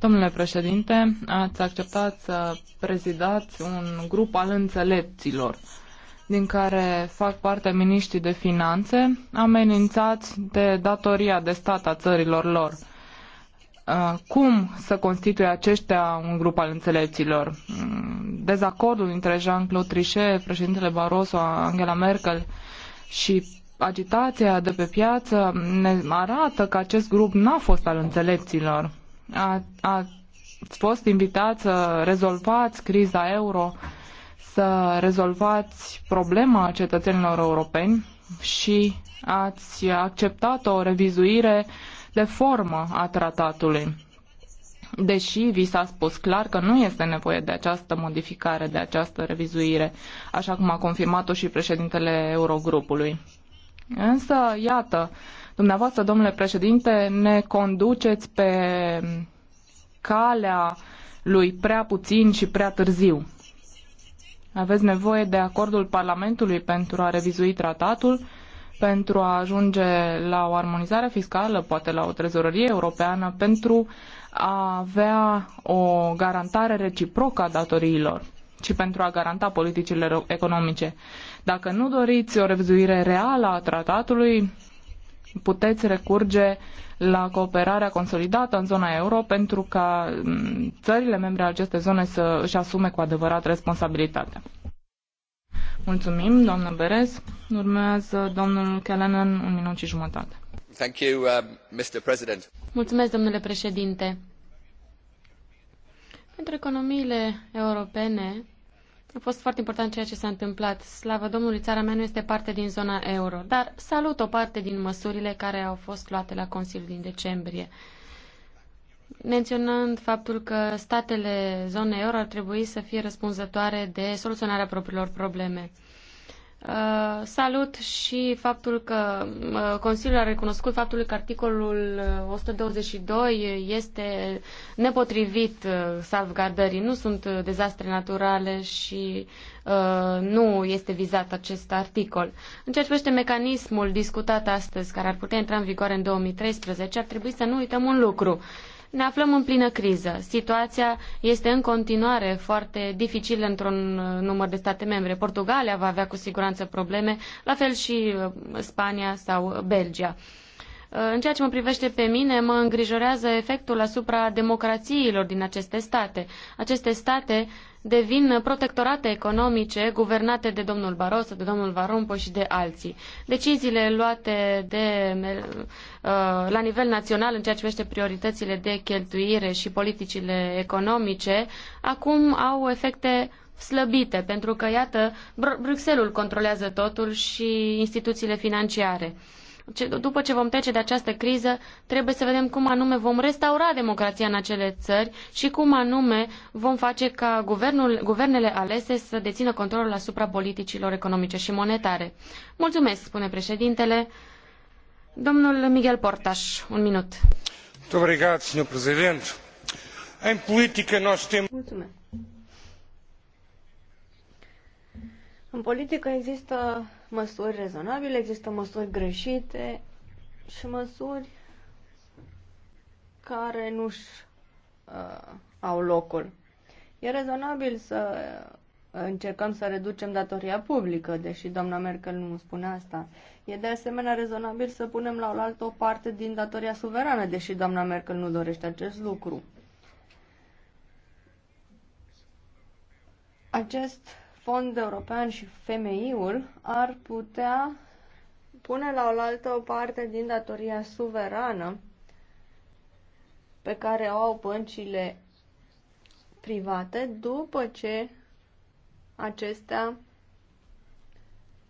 [SPEAKER 1] Domnule președinte, ați acceptat să prezidați un grup al înțelepților din care fac parte miniștrii de finanțe, amenințați de datoria de stat a țărilor lor. Uh, cum să constituie aceștia un grup al înțelepților? Mm, dezacordul între Jean-Claude Trichet, președintele Barroso, Angela Merkel și agitația de pe piață ne arată că acest grup n-a fost al înțelepților. A, fost invitat să rezolvați criza euro, să rezolvați problema cetățenilor europeni și ați acceptat o revizuire de formă a tratatului. Deși vi s-a spus clar că nu este nevoie de această modificare, de această revizuire, așa cum a confirmat-o și președintele Eurogrupului. Însă, iată, dumneavoastră, domnule președinte, ne conduceți pe calea lui prea puțin și prea târziu. Aveți nevoie de acordul Parlamentului pentru a revizui tratatul, pentru a ajunge la o armonizare fiscală, poate la o trezorărie europeană, pentru a avea o garantare reciprocă a datoriilor și pentru a garanta politicile economice. Dacă nu doriți o revizuire reală a tratatului, puteți recurge la cooperarea consolidată în zona euro pentru ca țările membre ale acestei zone să își asume cu adevărat responsabilitatea. Mulțumim, doamnă Berez. Urmează domnul Kellenen, un minut și jumătate. Thank you, uh, Mr. President.
[SPEAKER 3] Mulțumesc, domnule președinte. Pentru economiile europene, a fost foarte important ceea ce s-a întâmplat. Slavă Domnului, țara mea nu este parte din zona euro, dar salut o parte din măsurile care au fost luate la Consiliul din decembrie. Menționând faptul că statele zonei euro ar trebui să fie răspunzătoare de soluționarea propriilor probleme. Uh, salut și faptul că uh, Consiliul a recunoscut faptul că articolul 122 uh, este nepotrivit salvgardării. Nu sunt dezastre naturale și nu este vizat acest articol. În ceea ce privește mecanismul discutat astăzi, care ar putea intra în vigoare în 2013, ar trebui să nu uităm un lucru. Ne aflăm în plină criză. Situația este în continuare foarte dificilă într-un uh, număr de state membre. Portugalia va avea cu siguranță probleme, la fel și uh, Spania sau uh, Belgia. În ceea ce mă privește pe mine, mă îngrijorează efectul asupra democrațiilor din aceste state. Aceste state devin protectorate economice guvernate de domnul Barroso, de domnul Varumpo și de alții. Deciziile luate de, uh, la nivel național în ceea ce privește prioritățile de cheltuire și politicile economice acum au efecte slăbite, pentru că, iată, Bruxelles controlează totul și instituțiile financiare. Uh, după ce vom trece de această criză, trebuie să vedem cum anume vom restaura democrația în acele țări și cum anume vom face ca guvernul, guvernele alese să dețină controlul asupra politicilor economice și monetare. Mulțumesc, spune președintele. Domnul Miguel Portaș, un minut.
[SPEAKER 2] Obrigado, Sr. Presidente. Em política nós temos. Muito bem. În politică există măsuri rezonabile, există măsuri greșite și măsuri care nu-și uh, au locul. E rezonabil să încercăm să reducem datoria publică, deși doamna Merkel nu spune asta. E de asemenea rezonabil să punem la oaltă o parte din datoria suverană, deși doamna Merkel nu dorește acest lucru. Acest Fond European și FMI-ul ar putea pune la oaltă o parte din datoria suverană pe care o au băncile private după ce acestea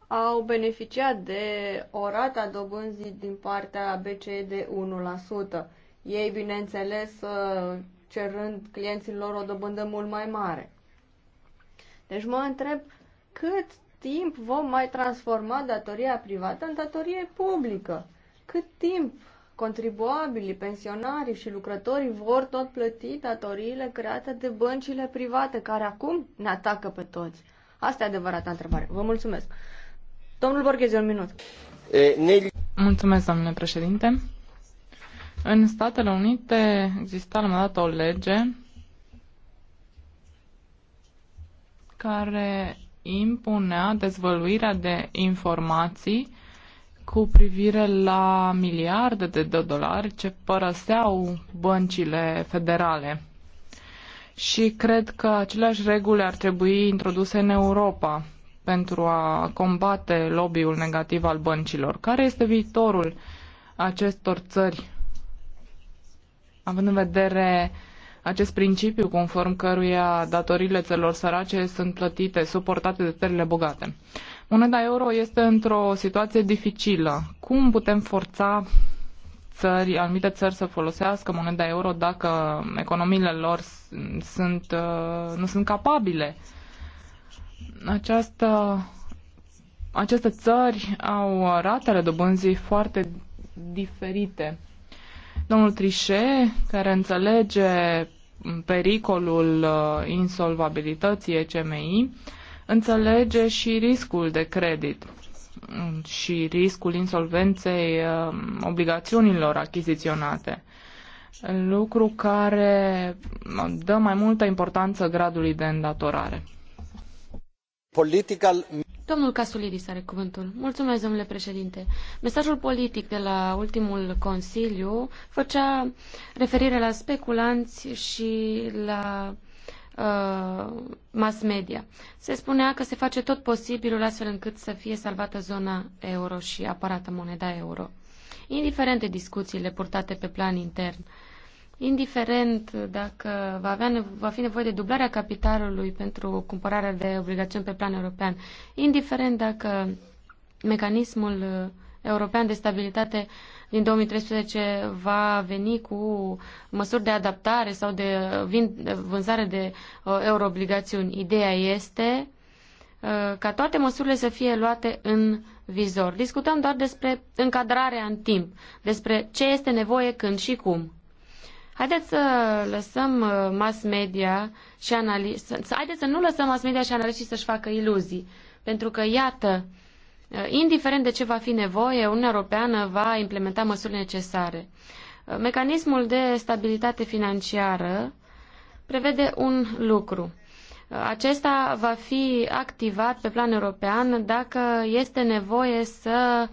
[SPEAKER 2] au beneficiat de o rată dobânzii din partea BCE de 1%. Ei, bineînțeles, cerând clienților o dobândă mult mai mare. Deci mă întreb cât timp vom mai transforma datoria privată în datorie publică? Cât timp contribuabilii, pensionarii și lucrătorii vor tot plăti datoriile create de băncile private, care acum ne atacă pe toți? Asta e adevărata întrebare. Vă mulțumesc. Domnul Borghezi, un minut.
[SPEAKER 1] Mulțumesc, domnule președinte. În Statele Unite exista la un moment dat o lege care impunea dezvăluirea de informații cu privire la miliarde de dolari ce părăseau băncile federale. Și cred că aceleași reguli ar trebui introduse în Europa pentru a combate lobby-ul negativ al băncilor. Care este viitorul acestor țări, având în vedere uh, acest principiu conform căruia datoriile țărilor sărace sunt plătite, suportate de țările bogate. Moneda euro este într-o situație dificilă. Cum putem forța țări, anumite țări să folosească moneda euro dacă economiile lor sunt, uh, nu sunt capabile? Această, aceste țări au ratele dobânzii foarte diferite. Domnul Trichet, care înțelege pericolul uh, insolvabilității ECMI, înțelege și riscul de credit mm, și riscul insolvenței um, obligațiunilor achiziționate. Lucru care mm, dă mai multă importanță gradului de îndatorare. Political...
[SPEAKER 3] Domnul Casulidis are cuvântul. Mulțumesc, domnule președinte. Mesajul politic de la ultimul Consiliu făcea referire la speculanți și la uh, mass media. Se spunea că se face tot posibilul astfel încât să fie salvată zona euro și aparată moneda euro, indiferent de discuțiile purtate pe plan intern. Uh, indiferent dacă va, avea va fi nevoie de dublarea capitalului pentru cumpărarea de obligațiuni pe plan european, indiferent dacă mecanismul uh, european de stabilitate din 2013 va veni cu măsuri de adaptare sau de uh, uh, vânzare de euroobligațiuni. Ideea este ca toate măsurile să fie luate în vizor. Discutăm doar despre încadrarea în timp, despre ce este nevoie când și cum. Haideți să lăsăm uh, mass media și analiști, să, haideți să nu lăsăm mass media și analiștii să-și facă iluzii. Pentru că, iată, uh, indiferent de ce va fi nevoie, Uniunea Europeană va implementa măsurile necesare. Uh, mecanismul de stabilitate financiară prevede un lucru. Acesta va fi activat pe plan european dacă este nevoie să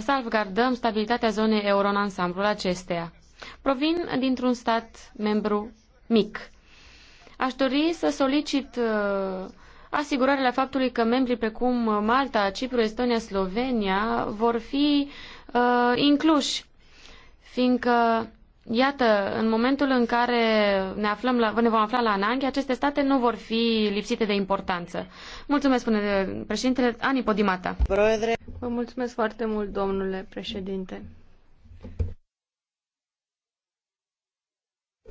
[SPEAKER 3] salvgardăm stabilitatea zonei euro în ansamblul acesteia provin dintr-un stat membru mic. Aș dori să solicit uh, asigurări faptului că membrii precum Malta, Cipru, Estonia, Slovenia vor fi uh, incluși, fiindcă Iată, în momentul în care ne, aflăm la, ne vom afla la Ananghi, aceste state nu vor fi lipsite de importanță. Mulțumesc, spune președintele Ani Podimata.
[SPEAKER 2] Vă mulțumesc foarte mult, domnule președinte.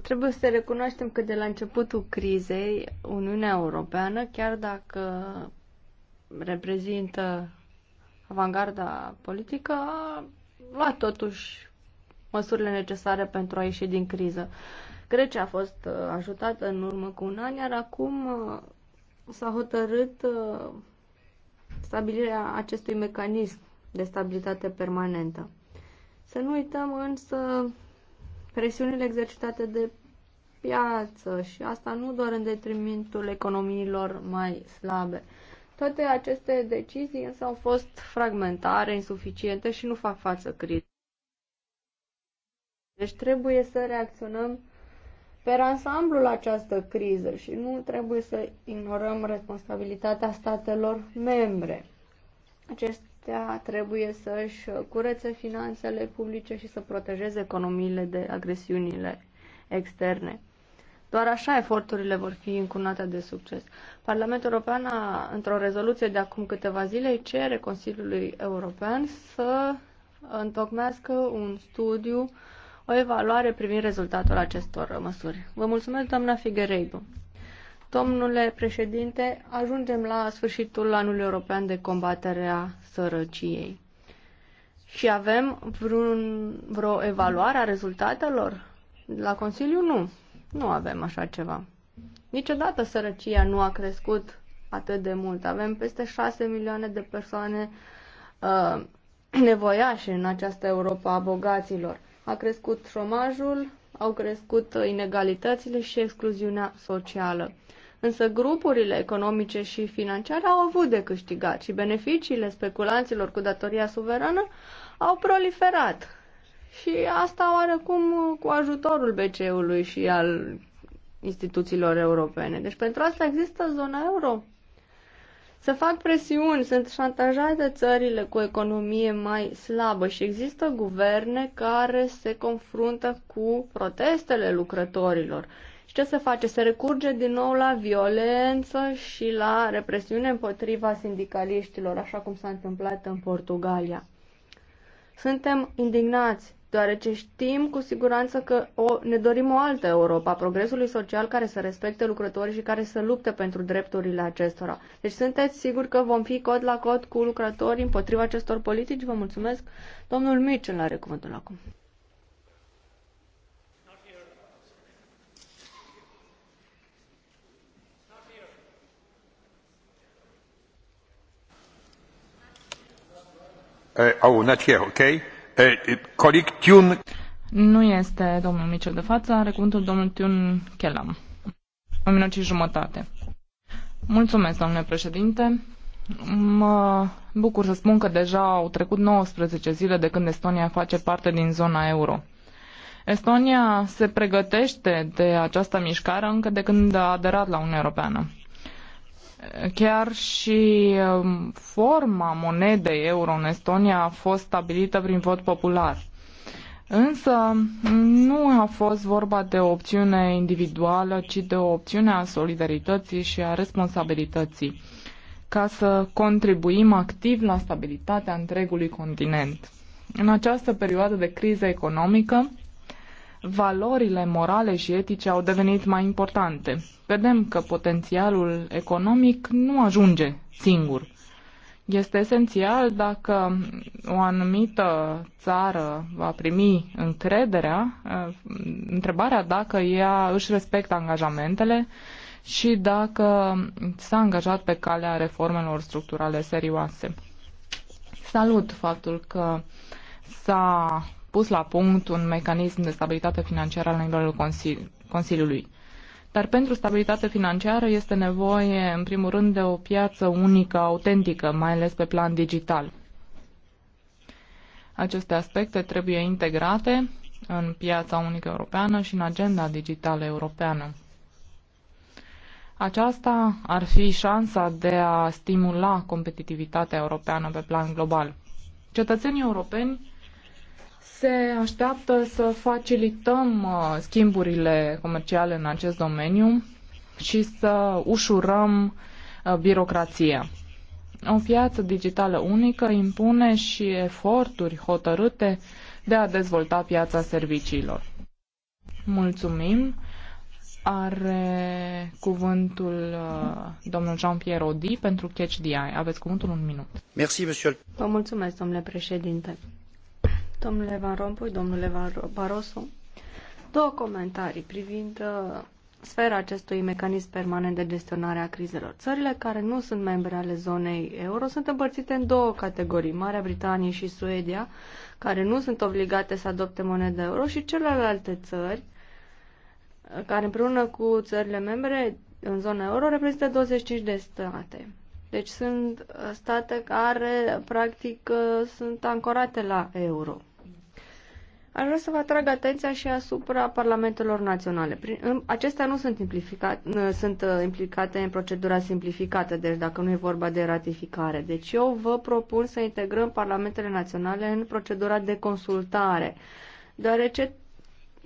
[SPEAKER 2] Trebuie să recunoaștem că de la începutul crizei, Uniunea Europeană, chiar dacă reprezintă avangarda politică, a luat totuși măsurile necesare pentru a ieși din criză. Grecia a fost uh, ajutată în urmă cu un an, iar acum uh, s-a hotărât uh, stabilirea acestui mecanism de stabilitate permanentă. Să nu uităm însă presiunile exercitate de piață și asta nu doar în detrimentul economiilor mai slabe. Toate aceste decizii însă au fost fragmentare, insuficiente și nu fac față crizei. Deci trebuie să reacționăm pe ansamblu la această criză și nu trebuie să ignorăm responsabilitatea statelor membre. Acest Acestea trebuie să-și curețe finanțele publice și să protejeze economiile de agresiunile externe. Doar așa eforturile vor fi încunate de succes. Parlamentul European, a, într-o rezoluție de acum câteva zile, cere Consiliului European să întocmească un studiu, o evaluare privind rezultatul acestor măsuri. Vă mulțumesc, doamna Figueiredo. Domnule președinte, ajungem la sfârșitul anului european de combatere a sărăciei. Și avem vreun, vreo evaluare a rezultatelor? La Consiliu nu. Nu avem așa ceva. Niciodată sărăcia nu a crescut atât de mult. Avem peste 6 milioane de persoane uh, nevoiașe în această Europa a bogaților. A crescut șomajul, au crescut uh, inegalitățile și excluziunea socială însă grupurile economice și financiare au avut de câștigat și beneficiile speculanților cu datoria suverană au proliferat. Și asta oarecum cu ajutorul BCE-ului și al instituțiilor europene. Deci pentru asta există zona euro. Se fac presiuni, sunt șantajate țările cu economie mai slabă și există guverne care se confruntă cu protestele lucrătorilor ce se face? Se recurge din nou la violență și la represiune împotriva sindicaliștilor, așa cum s-a întâmplat în Portugalia. Suntem indignați, deoarece știm cu siguranță că o, ne dorim o altă Europa, progresului social care să respecte lucrătorii și care să lupte pentru drepturile acestora. Deci sunteți siguri că vom fi cod la cod cu lucrătorii împotriva acestor politici? Vă mulțumesc. Domnul Mitchell are cuvântul acum.
[SPEAKER 1] Eh, eh, nu este domnul Miciu de față, are cuvântul domnul Tune Chelam. Un minut și jumătate. Mulțumesc, domnule președinte. Mă bucur să spun că deja au trecut 19 zile de când Estonia face parte din zona euro. Estonia se pregătește de această mișcare încă de când a aderat la Uniunea Europeană. Chiar și um, forma monedei euro în Estonia a fost stabilită prin vot popular. Însă nu a fost vorba de o opțiune individuală, ci de o opțiune a solidarității și a responsabilității, ca să contribuim activ la stabilitatea întregului continent. În această perioadă de criză economică, valorile morale și etice au devenit mai importante. Vedem că potențialul economic nu ajunge singur. Este esențial dacă o anumită țară va primi încrederea, eh, întrebarea dacă ea își respectă angajamentele și dacă s-a angajat pe calea reformelor structurale serioase. Salut faptul că s-a pus la punct un mecanism de stabilitate financiară la nivelul Consili- Consiliului. Dar pentru stabilitate financiară este nevoie, în primul rând, de o piață unică, autentică, mai ales pe plan digital. Aceste aspecte trebuie integrate în piața unică europeană și în agenda digitală europeană. Aceasta ar fi șansa de a stimula competitivitatea europeană pe plan global. Cetățenii europeni se așteaptă să facilităm uh, schimburile comerciale în acest domeniu și să ușurăm uh, birocrația. O piață digitală unică impune și eforturi hotărâte de a dezvolta piața serviciilor. Mulțumim. Are cuvântul uh, domnul Jean-Pierre Odi pentru Catch the Eye. Aveți cuvântul un minut.
[SPEAKER 2] Merci, monsieur.
[SPEAKER 1] Vă mulțumesc,
[SPEAKER 2] domnule președinte domnule Van Rompuy, domnule Van Barroso, două comentarii privind uh, sfera acestui mecanism permanent de gestionare a crizelor. Țările care nu sunt membre ale zonei euro sunt împărțite în două categorii, Marea Britanie și Suedia, care nu sunt obligate să adopte moneda euro și celelalte țări, uh, care împreună cu țările membre în zona euro reprezintă 25 de state. Deci sunt uh, state care practic uh, sunt ancorate la euro. Aș vrea să vă atrag atenția și asupra parlamentelor naționale. Acestea nu sunt, sunt uh, implicate în procedura simplificată, deci dacă nu e vorba de ratificare. Deci eu vă propun să integrăm parlamentele naționale în procedura de consultare, deoarece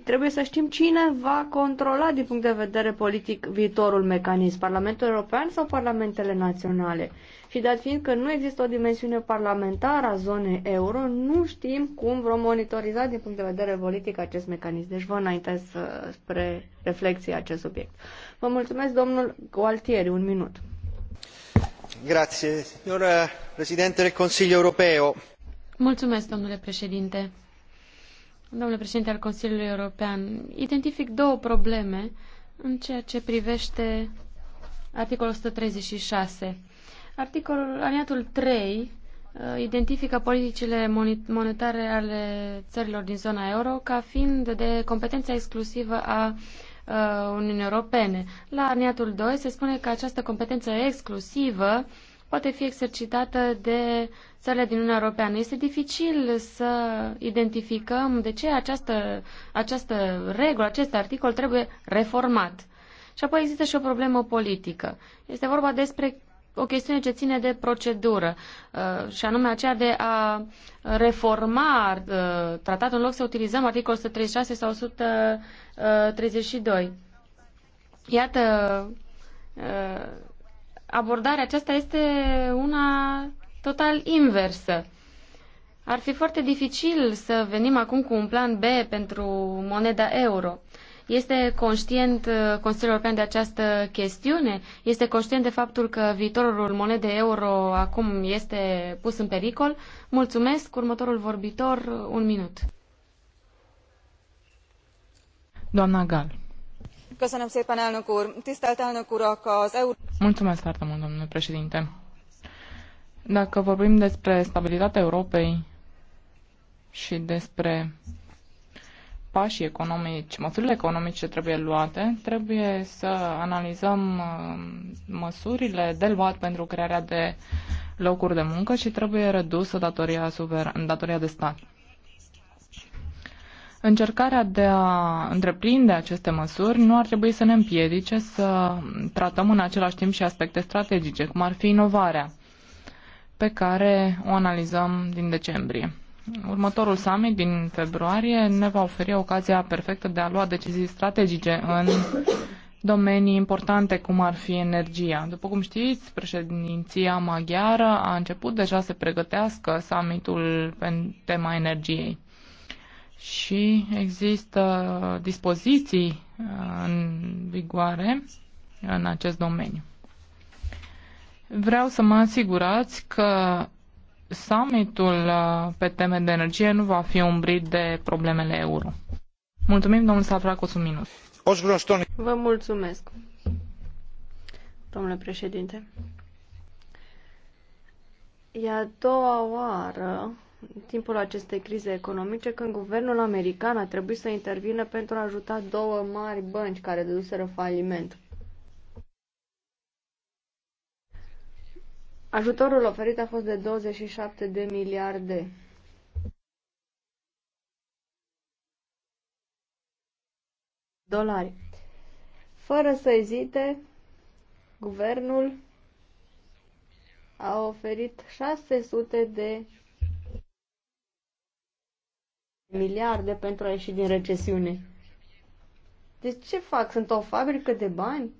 [SPEAKER 2] Trebuie să știm cine va controla din punct de vedere politic viitorul mecanism, Parlamentul European sau Parlamentele Naționale. Și dat fiind că nu există o dimensiune parlamentară a zonei euro, nu știm cum vom monitoriza din punct de vedere politic acest mecanism. Deci vă înaintez uh, spre reflexie acest subiect. Vă mulțumesc, domnul Gualtieri, un minut. Grazie, signora Presidente del Consiglio Europeo.
[SPEAKER 3] Mulțumesc, domnule președinte. Domnule președinte al Consiliului European, identific două probleme în ceea ce privește articolul 136. Articolul aliatul 3 uh, identifică politicile monetare ale țărilor din zona euro ca fiind de competența exclusivă a uh, Uniunii Europene. La aliatul 2 se spune că această competență exclusivă uh, poate fi exercitată de țările din Uniunea Europeană. Este dificil să identificăm de ce această, această regulă, acest articol trebuie reformat. Și apoi există și o problemă politică. Este vorba despre o chestiune ce ține de procedură, uh, și anume aceea de a reforma uh, tratatul în loc să utilizăm articolul 136 sau 132. Uh, Iată abordarea aceasta este una total inversă. Ar fi foarte dificil să venim acum cu un plan B pentru moneda euro. Este conștient uh, Consiliul European de această chestiune? Este conștient de faptul că viitorul monedei euro acum este pus în pericol? Mulțumesc. Următorul vorbitor, un minut.
[SPEAKER 1] Doamna Gal dacă vorbim despre stabilitatea europei și despre pașii economici, măsurile economice ce trebuie luate, trebuie să analizăm uh, măsurile de luat pentru crearea de locuri de muncă și trebuie redusă datoria, suveran, datoria de stat. Încercarea de a întreprinde aceste măsuri nu ar trebui să ne împiedice să tratăm în același timp și aspecte strategice, cum ar fi inovarea, pe care o analizăm din decembrie. Următorul summit din februarie ne va oferi ocazia perfectă de a lua decizii strategice în domenii importante, cum ar fi energia. După cum știți, președinția maghiară a început deja să pregătească summitul pe tema energiei și există dispoziții uh, în vigoare în acest domeniu. Vreau să mă asigurați că summitul uh, pe teme de energie nu va fi umbrit de problemele euro. Mulțumim, domnul Savracos, un minut.
[SPEAKER 2] Vă mulțumesc, domnule președinte. E a doua oară în timpul acestei crize economice, când guvernul american a trebuit să intervină pentru a ajuta două mari bănci care dăduseră faliment. Ajutorul oferit a fost de 27 de miliarde. dolari. Fără să ezite, guvernul a oferit 600 de miliarde pentru a ieși din recesiune. Deci ce fac? Sunt o fabrică de bani?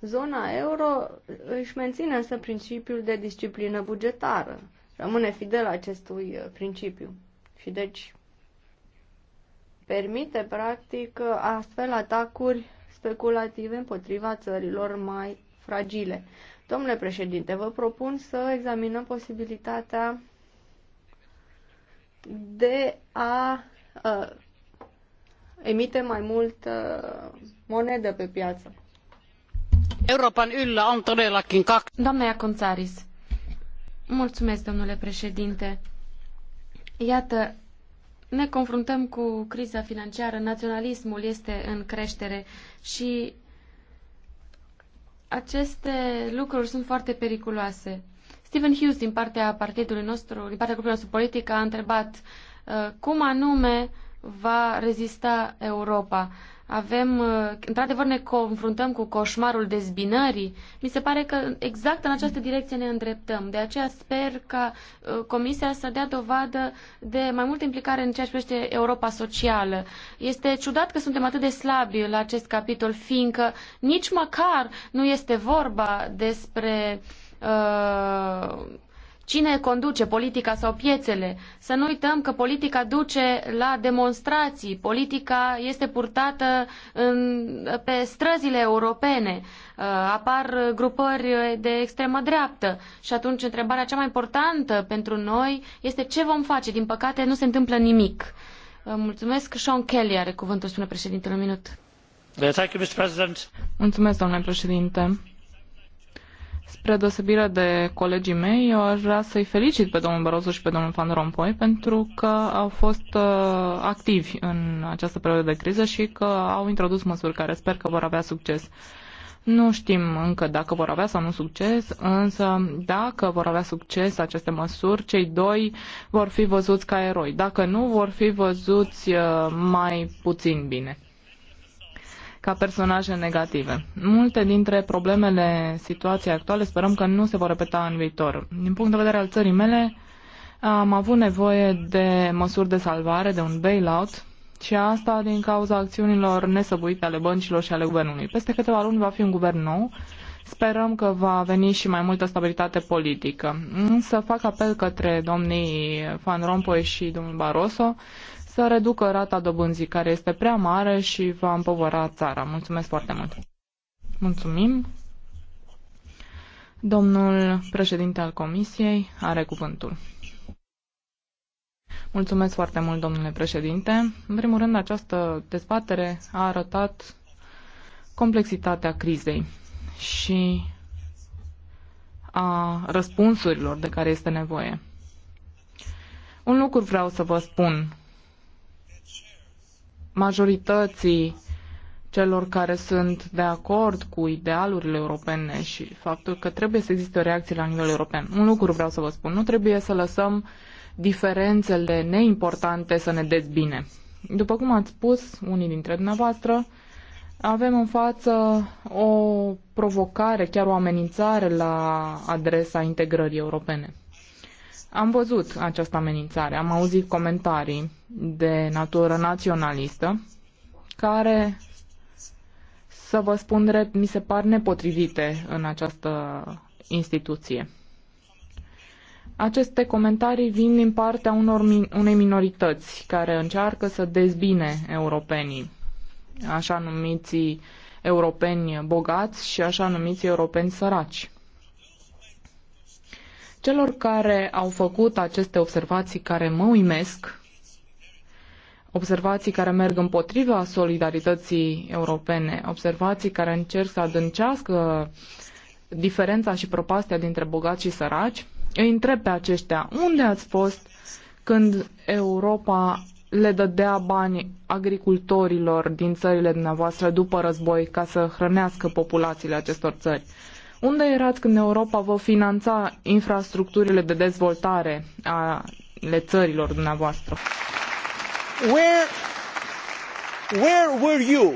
[SPEAKER 2] Zona euro își menține însă principiul de disciplină bugetară. Rămâne fidel acestui uh, principiu. Și deci permite practic uh, astfel atacuri speculative împotriva țărilor mai fragile. Domnule președinte, vă propun să examinăm posibilitatea de a uh, emite mai mult uh, monedă pe piață.
[SPEAKER 1] Europan yllä on todellakin kaksi...
[SPEAKER 3] Doamna Iaconțaris, mulțumesc, domnule președinte. Iată, ne confruntăm cu criza financiară, naționalismul este în creștere și aceste lucruri sunt foarte periculoase. Stephen Hughes din partea partidului nostru, din partea grupului nostru politic, a întrebat uh, cum anume va rezista Europa. Avem, uh, într-adevăr, ne confruntăm cu coșmarul dezbinării. Mi se pare că exact în această direcție ne îndreptăm. De aceea sper ca uh, Comisia să dea dovadă de mai multă implicare în ceea ce privește Europa socială. Este ciudat că suntem atât de slabi la acest capitol, fiindcă nici măcar nu este vorba despre uh, Uh, cine conduce politica sau piețele. Să nu uităm că politica duce la demonstrații, politica este purtată în, pe străzile europene, uh, apar grupări de extremă dreaptă și atunci întrebarea cea mai importantă pentru noi este ce vom face. Din păcate nu se întâmplă nimic. Uh, mulțumesc.
[SPEAKER 1] Sean Kelly are cuvântul, spune președintele, un minut. Mulțumesc, domnule președinte. Spre deosebire de colegii mei, eu aș vrea să-i felicit pe domnul Barroso și pe domnul Van Rompuy pentru că au fost uh, activi în această perioadă de criză și că au introdus măsuri care sper că vor avea succes. Nu știm încă dacă vor avea sau nu succes, însă dacă vor avea succes aceste măsuri, cei doi vor fi văzuți ca eroi. Dacă nu, vor fi văzuți uh, mai puțin bine ca personaje negative. Multe dintre problemele situației actuale sperăm că nu se vor repeta în viitor. Din punct de vedere al țării mele, am avut nevoie de măsuri de salvare, de un bailout, și asta din cauza acțiunilor nesăbuite ale băncilor și ale guvernului. Peste câteva luni va fi un guvern nou, sperăm că va veni și mai multă stabilitate politică. Însă fac apel către domnii Van Rompuy și domnul Barroso să reducă rata dobânzii, care este prea mare și va împovăra țara. Mulțumesc foarte mult! Mulțumim! Domnul președinte al Comisiei are cuvântul. Mulțumesc foarte mult, domnule președinte. În primul rând, această dezbatere a arătat complexitatea crizei și a răspunsurilor de care este nevoie. Un lucru vreau să vă spun majorității celor care sunt de acord cu idealurile europene și faptul că trebuie să existe o reacție la nivel european. Un lucru vreau să vă spun, nu trebuie să lăsăm diferențele neimportante să ne dezbine. După cum ați spus, unii dintre dumneavoastră, avem în față o provocare, chiar o amenințare la adresa integrării europene. Am văzut această amenințare, am auzit comentarii de natură naționalistă care, să vă spun drept, mi se par nepotrivite în această instituție. Aceste comentarii vin din partea unor min- unei minorități care încearcă să dezbine europenii, așa numiții europeni bogați și așa numiți europeni săraci. Celor care au făcut aceste observații care mă uimesc, observații care merg împotriva solidarității europene, observații care încerc să adâncească diferența și propastea dintre bogați și săraci, îi întreb pe aceștia unde ați fost când Europa le dădea bani agricultorilor din țările dumneavoastră după război ca să hrănească populațiile acestor țări. Unde erați când Europa vă finanța infrastructurile de dezvoltare ale țărilor dumneavoastră? Where, where were you?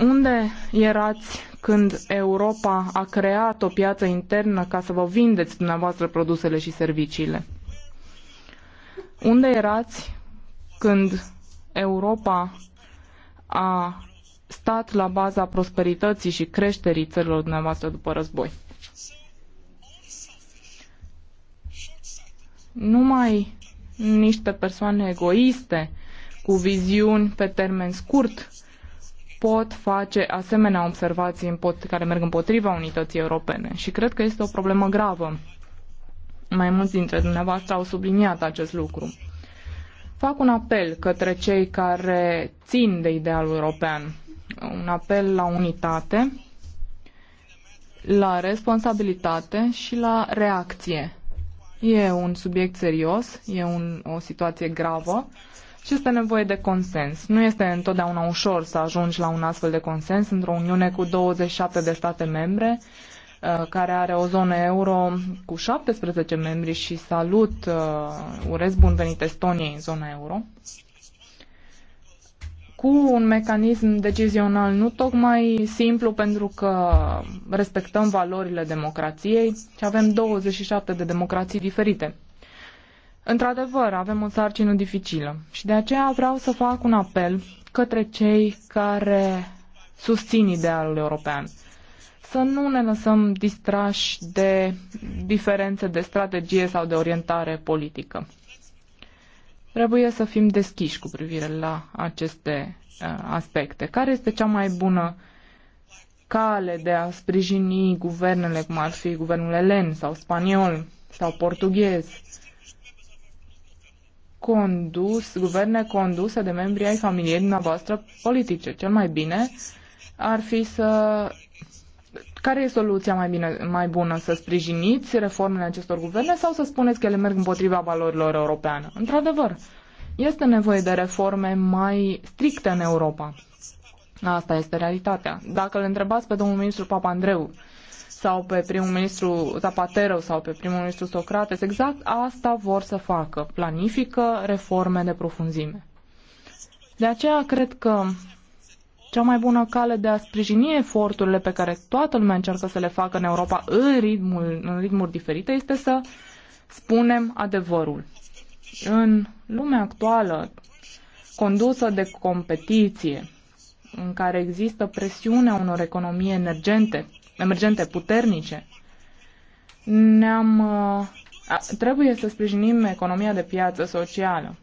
[SPEAKER 1] Unde erați când Europa a creat o piață internă ca să vă vindeți dumneavoastră produsele și serviciile? Unde erați când Europa a stat la baza prosperității și creșterii țărilor dumneavoastră după război. Numai niște persoane egoiste cu viziuni pe termen scurt pot face asemenea observații care merg împotriva unității europene și cred că este o problemă gravă. Mai mulți dintre dumneavoastră au subliniat acest lucru. Fac un apel către cei care țin de idealul european, un apel la unitate, la responsabilitate și la reacție. E un subiect serios, e un, o situație gravă și este nevoie de consens. Nu este întotdeauna ușor să ajungi la un astfel de consens într-o uniune cu 27 de state membre, uh, care are o zonă euro cu 17 membri și salut, uh, urez bun venit Estoniei în zona euro cu un mecanism decizional nu tocmai simplu pentru că respectăm valorile democrației și avem 27 de democrații diferite. Într-adevăr, avem o sarcină dificilă și de aceea vreau să fac un apel către cei care susțin idealul european. Să nu ne lăsăm distrași de diferențe de strategie sau de orientare politică. Trebuie să fim deschiși cu privire la aceste uh, aspecte. Care este cea mai bună cale de a sprijini guvernele, cum ar fi guvernul elen sau spaniol sau portughez, condus, guverne conduse de membrii ai familiei dumneavoastră politice. Cel mai bine ar fi să care e soluția mai, bine, mai bună? Să sprijiniți reformele acestor guverne sau să spuneți că ele merg împotriva valorilor europeană? Într-adevăr, este nevoie de reforme mai stricte în Europa. Asta este realitatea. Dacă îl întrebați pe domnul ministru Andreu sau pe primul ministru Zapatero sau pe primul ministru Socrates, exact asta vor să facă. Planifică reforme de profunzime. De aceea cred că cea mai bună cale de a sprijini eforturile pe care toată lumea încearcă să le facă în Europa în, ritmul, în ritmuri diferite este să spunem adevărul. În lumea actuală, condusă de competiție, în care există presiunea unor economii emergente, emergente puternice, ne-am, uh, trebuie să sprijinim economia de piață socială.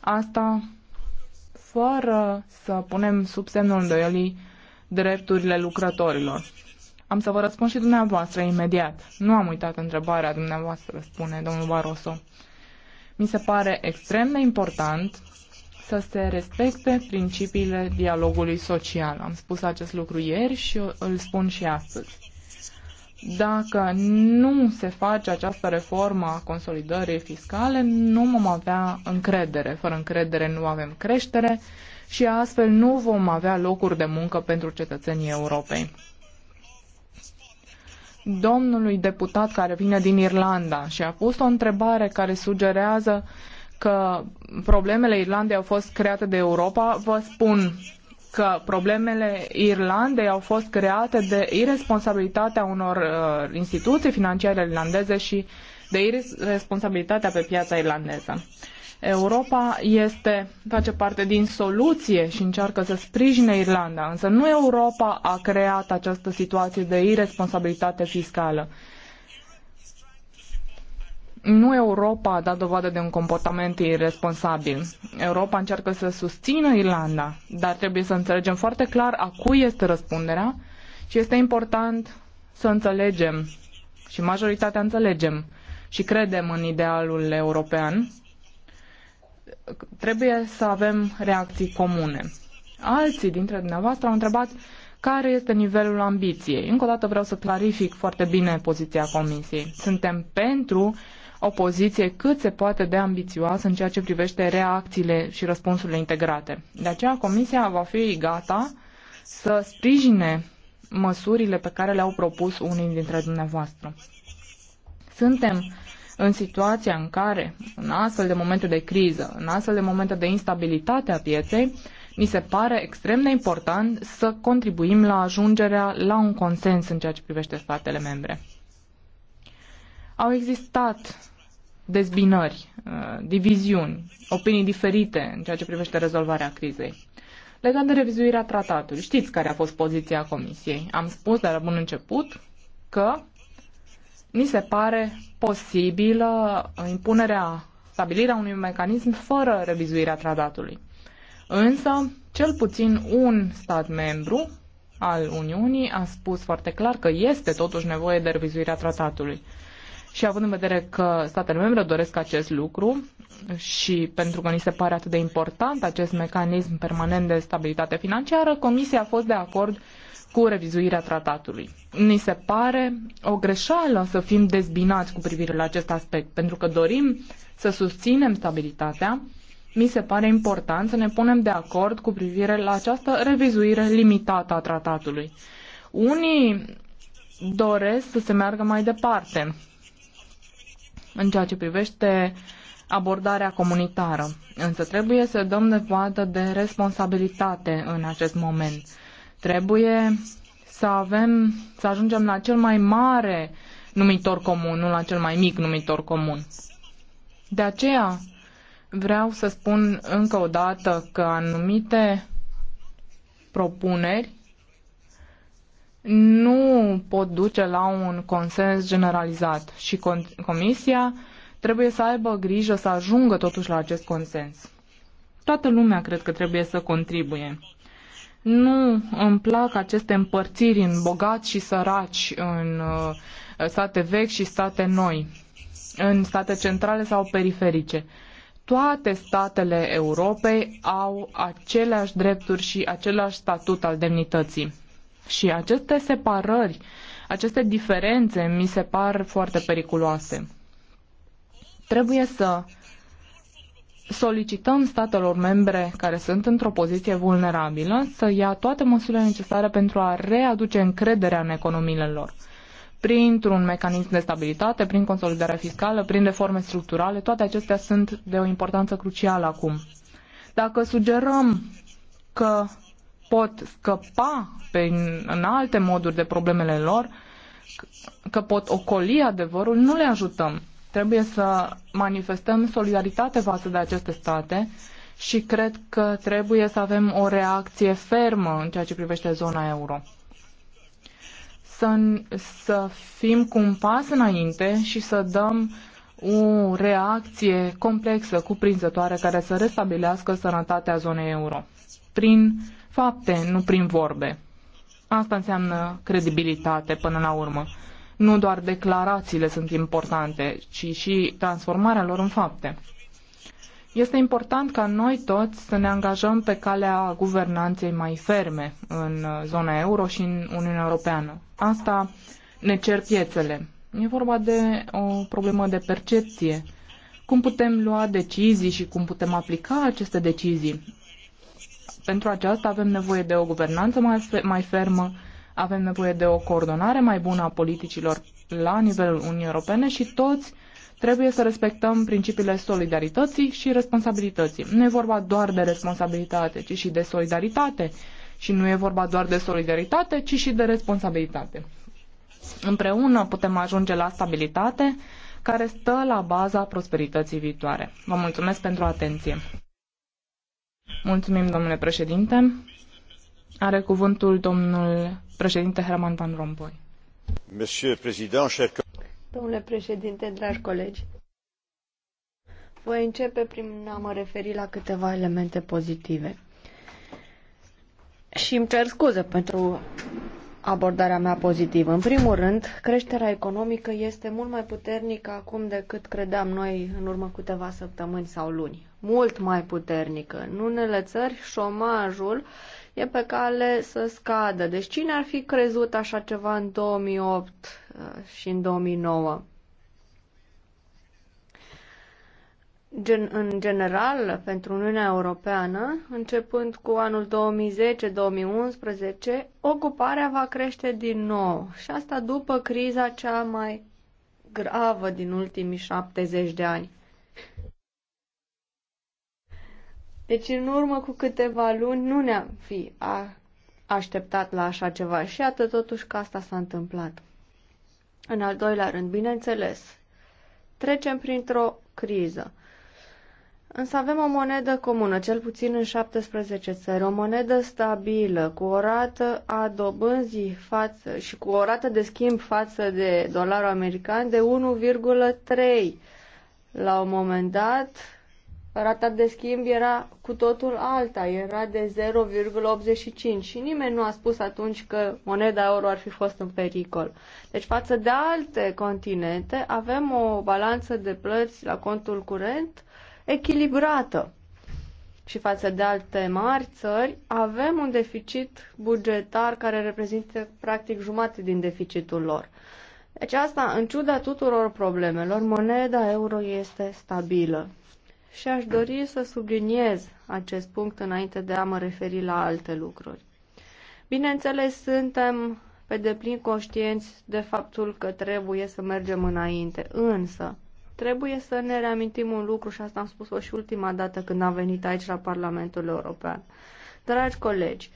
[SPEAKER 1] Asta fără să punem sub semnul îndoielii drepturile lucrătorilor. Am să vă răspund și dumneavoastră imediat. Nu am uitat întrebarea dumneavoastră, spune domnul Barroso. Mi se pare extrem de important să se respecte principiile dialogului social. Am spus acest lucru ieri și îl spun și astăzi. Dacă nu se face această reformă a consolidării fiscale, nu vom avea încredere. Fără încredere nu avem creștere și astfel nu vom avea locuri de muncă pentru cetățenii Europei domnului deputat care vine din Irlanda și a pus o întrebare care sugerează că problemele Irlandei au fost create de Europa, vă spun că problemele Irlandei au fost create de irresponsabilitatea unor uh, instituții financiare irlandeze și de irresponsabilitatea pe piața irlandeză. Europa este, face parte din soluție și încearcă să sprijine Irlanda, însă nu Europa a creat această situație de irresponsabilitate fiscală nu Europa a dat dovadă de un comportament irresponsabil. Europa încearcă să susțină Irlanda, dar trebuie să înțelegem foarte clar a cui este răspunderea și este important să înțelegem și majoritatea înțelegem și credem în idealul european, trebuie să avem reacții comune. Alții dintre dumneavoastră au întrebat care este nivelul ambiției. Încă o dată vreau să clarific foarte bine poziția Comisiei. Suntem pentru o poziție cât se poate de ambițioasă în ceea ce privește reacțiile și răspunsurile integrate. De aceea Comisia va fi gata să sprijine măsurile pe care le-au propus unii dintre dumneavoastră. Suntem în situația în care, în astfel de momente de criză, în astfel de momente de instabilitate a pieței, mi se pare extrem de important să contribuim la ajungerea la un consens în ceea ce privește statele membre. Au existat dezbinări, uh, diviziuni, opinii diferite în ceea ce privește rezolvarea crizei. Legat de revizuirea tratatului, știți care a fost poziția Comisiei. Am spus de la bun început că ni se pare posibilă impunerea, stabilirea unui mecanism fără revizuirea tratatului. Însă, cel puțin un stat membru al Uniunii a spus foarte clar că este totuși nevoie de revizuirea tratatului. Și având în vedere că statele membre doresc acest lucru și pentru că ni se pare atât de important acest mecanism permanent de stabilitate financiară, Comisia a fost de acord cu revizuirea tratatului. Ni se pare o greșeală să fim dezbinați cu privire la acest aspect, pentru că dorim să susținem stabilitatea, mi se pare important să ne punem de acord cu privire la această revizuire limitată a tratatului. Unii doresc să se meargă mai departe în ceea ce privește abordarea comunitară. Însă trebuie să dăm nevoadă de responsabilitate în acest moment. Trebuie să avem, să ajungem la cel mai mare numitor comun, nu la cel mai mic numitor comun. De aceea vreau să spun încă o dată că anumite propuneri nu pot duce la un consens generalizat și Comisia trebuie să aibă grijă să ajungă totuși la acest consens. Toată lumea cred că trebuie să contribuie. Nu îmi plac aceste împărțiri în bogați și săraci, în uh, state vechi și state noi, în state centrale sau periferice toate statele Europei au aceleași drepturi și același statut al demnității. Și aceste separări, aceste diferențe mi se par foarte periculoase. Trebuie să solicităm statelor membre care sunt într-o poziție vulnerabilă să ia toate măsurile necesare pentru a readuce încrederea în economiile lor printr-un mecanism de stabilitate, prin consolidarea fiscală, prin reforme structurale, toate acestea sunt de o importanță crucială acum. Dacă sugerăm că pot scăpa pe, în alte moduri de problemele lor, că pot ocoli adevărul, nu le ajutăm. Trebuie să manifestăm solidaritate față de aceste state și cred că trebuie să avem o reacție fermă în ceea ce privește zona euro. Să, să fim cu un pas înainte și să dăm o reacție complexă, cuprinzătoare, care să restabilească sănătatea zonei euro. Prin uh, fapte, nu prin vorbe. Asta înseamnă credibilitate până la urmă. Nu doar declarațiile sunt importante, ci și transformarea lor în fapte. Este important ca noi toți să ne angajăm pe calea guvernanței mai ferme în zona euro și în Uniunea Europeană. Asta ne cer piețele. E vorba de o problemă de percepție. Cum putem lua decizii și cum putem aplica aceste decizii? pentru aceasta avem nevoie de o guvernanță mai, mai fermă, avem nevoie de o coordonare mai bună a politicilor la nivelul Uniunii Europene și toți trebuie să respectăm principiile solidarității și responsabilității. Nu e vorba doar de responsabilitate, ci și de solidaritate. Și nu e vorba doar de solidaritate, ci și de responsabilitate. Împreună putem ajunge la stabilitate care stă la baza prosperității viitoare. Vă mulțumesc pentru atenție. Mulțumim, domnule președinte. Are cuvântul domnul președinte
[SPEAKER 2] Herman Van Rompuy. Domnule președinte, dragi colegi, voi începe prin a mă referi la câteva elemente pozitive. Și îmi cer scuze pentru abordarea mea pozitivă. În primul rând, creșterea economică este mult mai puternică acum decât credeam noi în urmă câteva săptămâni sau luni mult mai puternică. În unele țări, șomajul e pe cale să scadă. Deci cine ar fi crezut așa ceva în 2008 uh, și în 2009? Gen, în general, pentru Uniunea Europeană, începând cu anul 2010-2011, ocuparea va crește din nou și asta după criza cea mai gravă din ultimii 70 de ani. Deci în urmă cu câteva luni nu ne-am fi a așteptat la așa ceva și atât totuși că asta s-a întâmplat. În al doilea rând, bineînțeles, trecem printr-o criză. Însă avem o monedă comună, cel puțin în 17 țări, o monedă stabilă, cu o rată a dobânzii față și cu o rată de schimb față de dolarul american de 1,3 la un moment dat, rata de schimb era cu totul alta, era de 0,85 și nimeni nu a spus atunci că moneda euro ar fi fost în pericol. Deci față de alte continente avem o balanță de plăți la contul curent echilibrată. Și față de alte mari țări avem un deficit bugetar care reprezintă practic jumate din deficitul lor. Deci asta, în ciuda tuturor problemelor, moneda euro este stabilă și aș dori să subliniez acest punct înainte de a mă referi la alte lucruri. Bineînțeles, suntem pe deplin conștienți de faptul că trebuie să mergem înainte, însă trebuie să ne reamintim un lucru și asta am spus-o și ultima dată când am venit aici la Parlamentul European. Dragi colegi,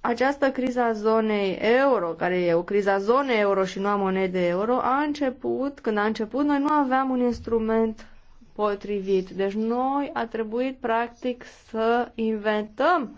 [SPEAKER 2] această criza zonei euro, care e o criza zonei euro și nu a monedei euro, a început, când a început, noi nu aveam un instrument potrivit. Deci noi a trebuit practic să inventăm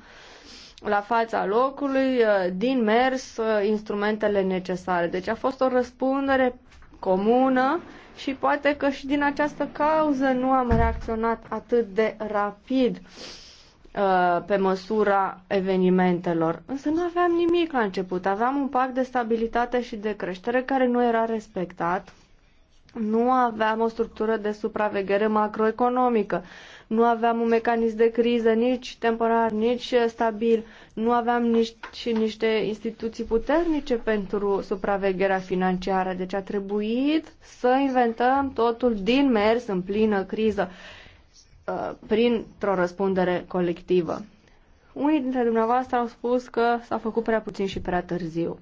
[SPEAKER 2] la fața locului, uh, din mers, uh, instrumentele necesare. Deci a fost o răspundere comună și poate că și din această cauză nu am reacționat atât de rapid uh, pe măsura evenimentelor. Însă nu aveam nimic la început. Aveam un pact de stabilitate și de creștere care nu era respectat nu aveam o structură de supraveghere macroeconomică, nu aveam un mecanism de criză nici temporar, nici stabil, nu aveam nici niște instituții puternice pentru supravegherea financiară, deci a trebuit să inventăm totul din mers în plină criză uh, printr-o răspundere colectivă. Unii dintre dumneavoastră au spus că s-a făcut prea puțin și prea târziu.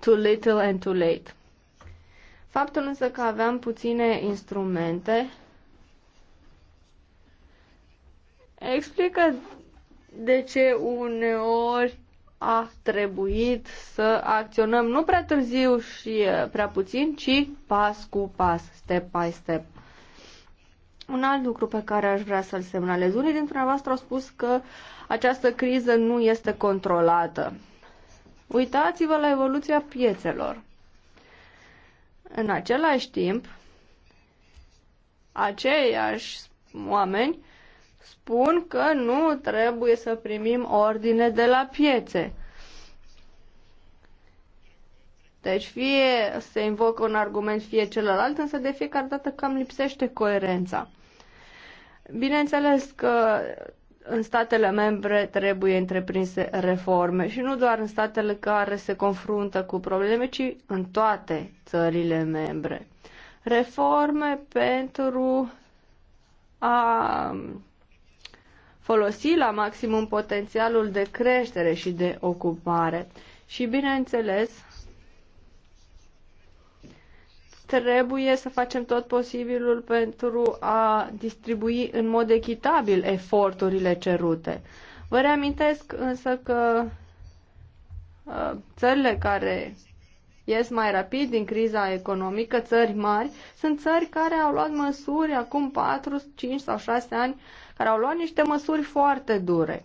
[SPEAKER 2] Too little and too late. Faptul însă că aveam puține instrumente explică de ce uneori a trebuit să acționăm nu prea târziu și prea puțin, ci pas cu pas, step by step. Un alt lucru pe care aș vrea să-l semnalez. Unii dintre dumneavoastră au spus că această criză nu este controlată. Uitați-vă la evoluția piețelor. În același timp, aceiași oameni spun că nu trebuie să primim ordine de la piețe. Deci fie se invocă un argument, fie celălalt, însă de fiecare dată cam lipsește coerența. Bineînțeles că în statele membre trebuie întreprinse reforme și nu doar în statele care se confruntă cu probleme, ci în toate țările membre. Reforme pentru a folosi la maximum potențialul de creștere și de ocupare. Și bineînțeles, trebuie să facem tot posibilul pentru a distribui în mod echitabil eforturile cerute. Vă reamintesc însă că uh, țările care ies mai rapid din criza economică, țări mari, sunt țări care au luat măsuri acum 4, 5 sau 6 ani, care au luat niște măsuri foarte dure.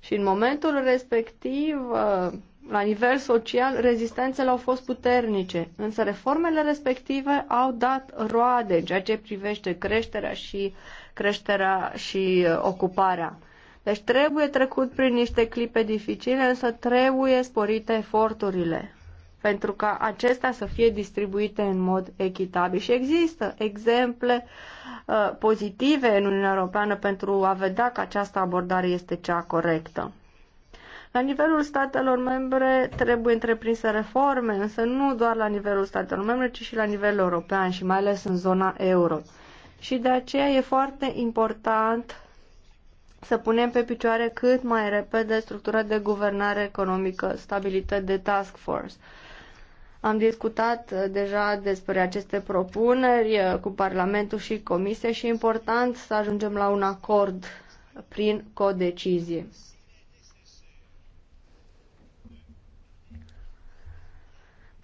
[SPEAKER 2] Și în momentul respectiv, uh, la nivel social, rezistențele au fost puternice, însă reformele respective au dat roade în ceea ce privește creșterea și creșterea și uh, ocuparea. Deci trebuie trecut prin niște clipe dificile, însă trebuie sporite eforturile pentru ca acestea să fie distribuite în mod echitabil. Și există exemple uh, pozitive în Uniunea Europeană pentru a vedea că această abordare este cea corectă. La nivelul statelor membre trebuie întreprinse reforme, însă nu doar la nivelul statelor membre, ci și la nivel european și mai ales în zona euro. Și de aceea e foarte important să punem pe picioare cât mai repede structura de guvernare economică stabilită de task force. Am discutat uh, deja despre aceste propuneri uh, cu Parlamentul și Comisia și e important să ajungem la un acord prin codecizie.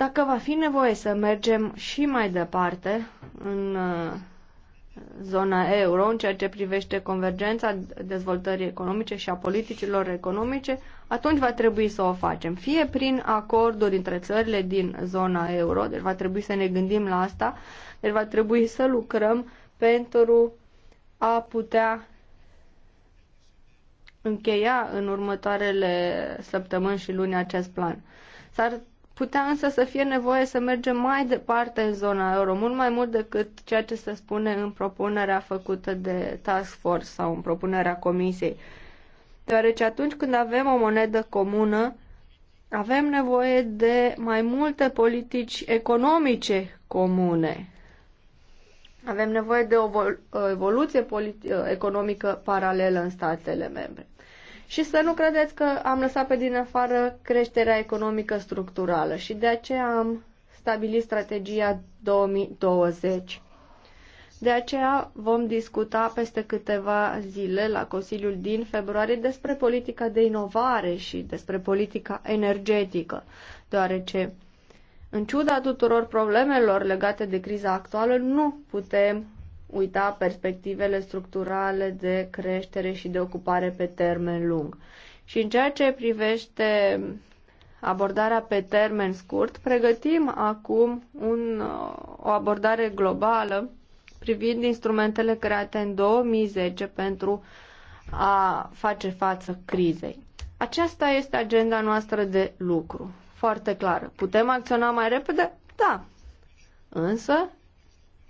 [SPEAKER 2] Dacă va fi nevoie să mergem și mai departe în uh, zona euro în ceea ce privește convergența dezvoltării economice și a politicilor economice, atunci va trebui să o facem. Fie prin acorduri între țările din zona euro, deci va trebui să ne gândim la asta, deci va trebui să lucrăm pentru a putea încheia în următoarele săptămâni și luni acest plan. S-ar putea însă să fie nevoie să mergem mai departe în zona euro, mult mai mult decât ceea ce se spune în propunerea făcută de task force sau în propunerea comisiei. Deoarece atunci când avem o monedă comună, avem nevoie de mai multe politici economice comune. Avem nevoie de o evoluție economică paralelă în statele membre. Și să nu credeți că am lăsat pe din afară creșterea economică structurală și de aceea am stabilit strategia 2020. De aceea vom discuta peste câteva zile la Consiliul din februarie despre politica de inovare și despre politica energetică, deoarece în ciuda tuturor problemelor legate de criza actuală, nu putem uita perspectivele structurale de creștere și de ocupare pe termen lung. Și în ceea ce privește abordarea pe termen scurt, pregătim acum un, o abordare globală privind instrumentele create în 2010 pentru a face față crizei. Aceasta este agenda noastră de lucru, foarte clară. Putem acționa mai repede? Da. Însă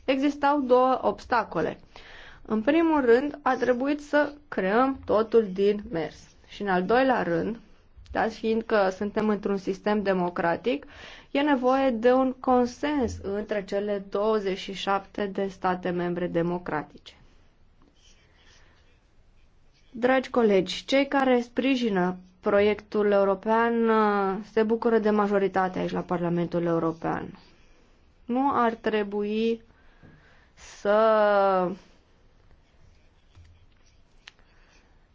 [SPEAKER 2] existau două obstacole. În primul rând, a trebuit să creăm totul din mers. Și în al doilea rând, dar fiind că suntem într-un sistem democratic, e nevoie de un consens între cele 27 de state membre democratice. Dragi colegi, cei care sprijină proiectul european uh, se bucură de majoritate aici la Parlamentul European. Nu ar trebui să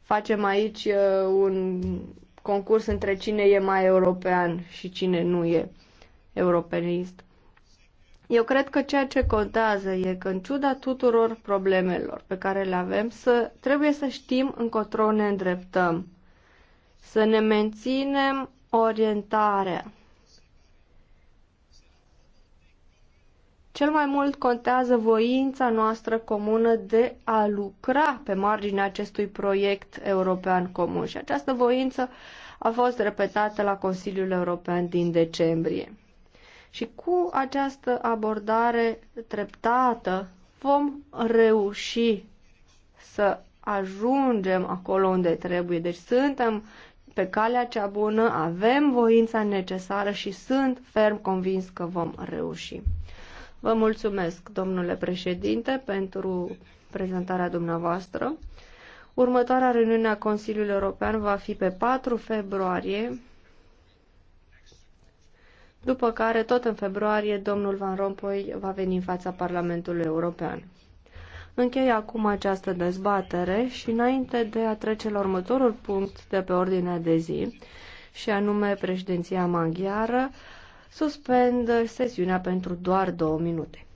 [SPEAKER 2] facem aici uh, un concurs între cine e mai european și cine nu e europenist. Eu cred că ceea ce contează e că în ciuda tuturor problemelor pe care le avem, să trebuie să știm încotro ne îndreptăm, să ne menținem orientarea Cel mai mult contează voința noastră comună de a lucra pe marginea acestui proiect european comun și această voință a fost repetată la Consiliul European din decembrie. Și cu această abordare treptată vom reuși să ajungem acolo unde trebuie. Deci suntem pe calea cea bună, avem voința necesară și sunt ferm convins că vom reuși. Vă mulțumesc, domnule președinte, pentru prezentarea dumneavoastră. Următoarea reuniune a Consiliului European va fi pe 4 februarie, după care, tot în februarie, domnul Van Rompuy va veni în fața Parlamentului European. Închei acum această dezbatere și înainte de a trece la următorul punct de pe ordinea de zi, și anume președinția maghiară, suspendă sesiunea pentru doar două minute.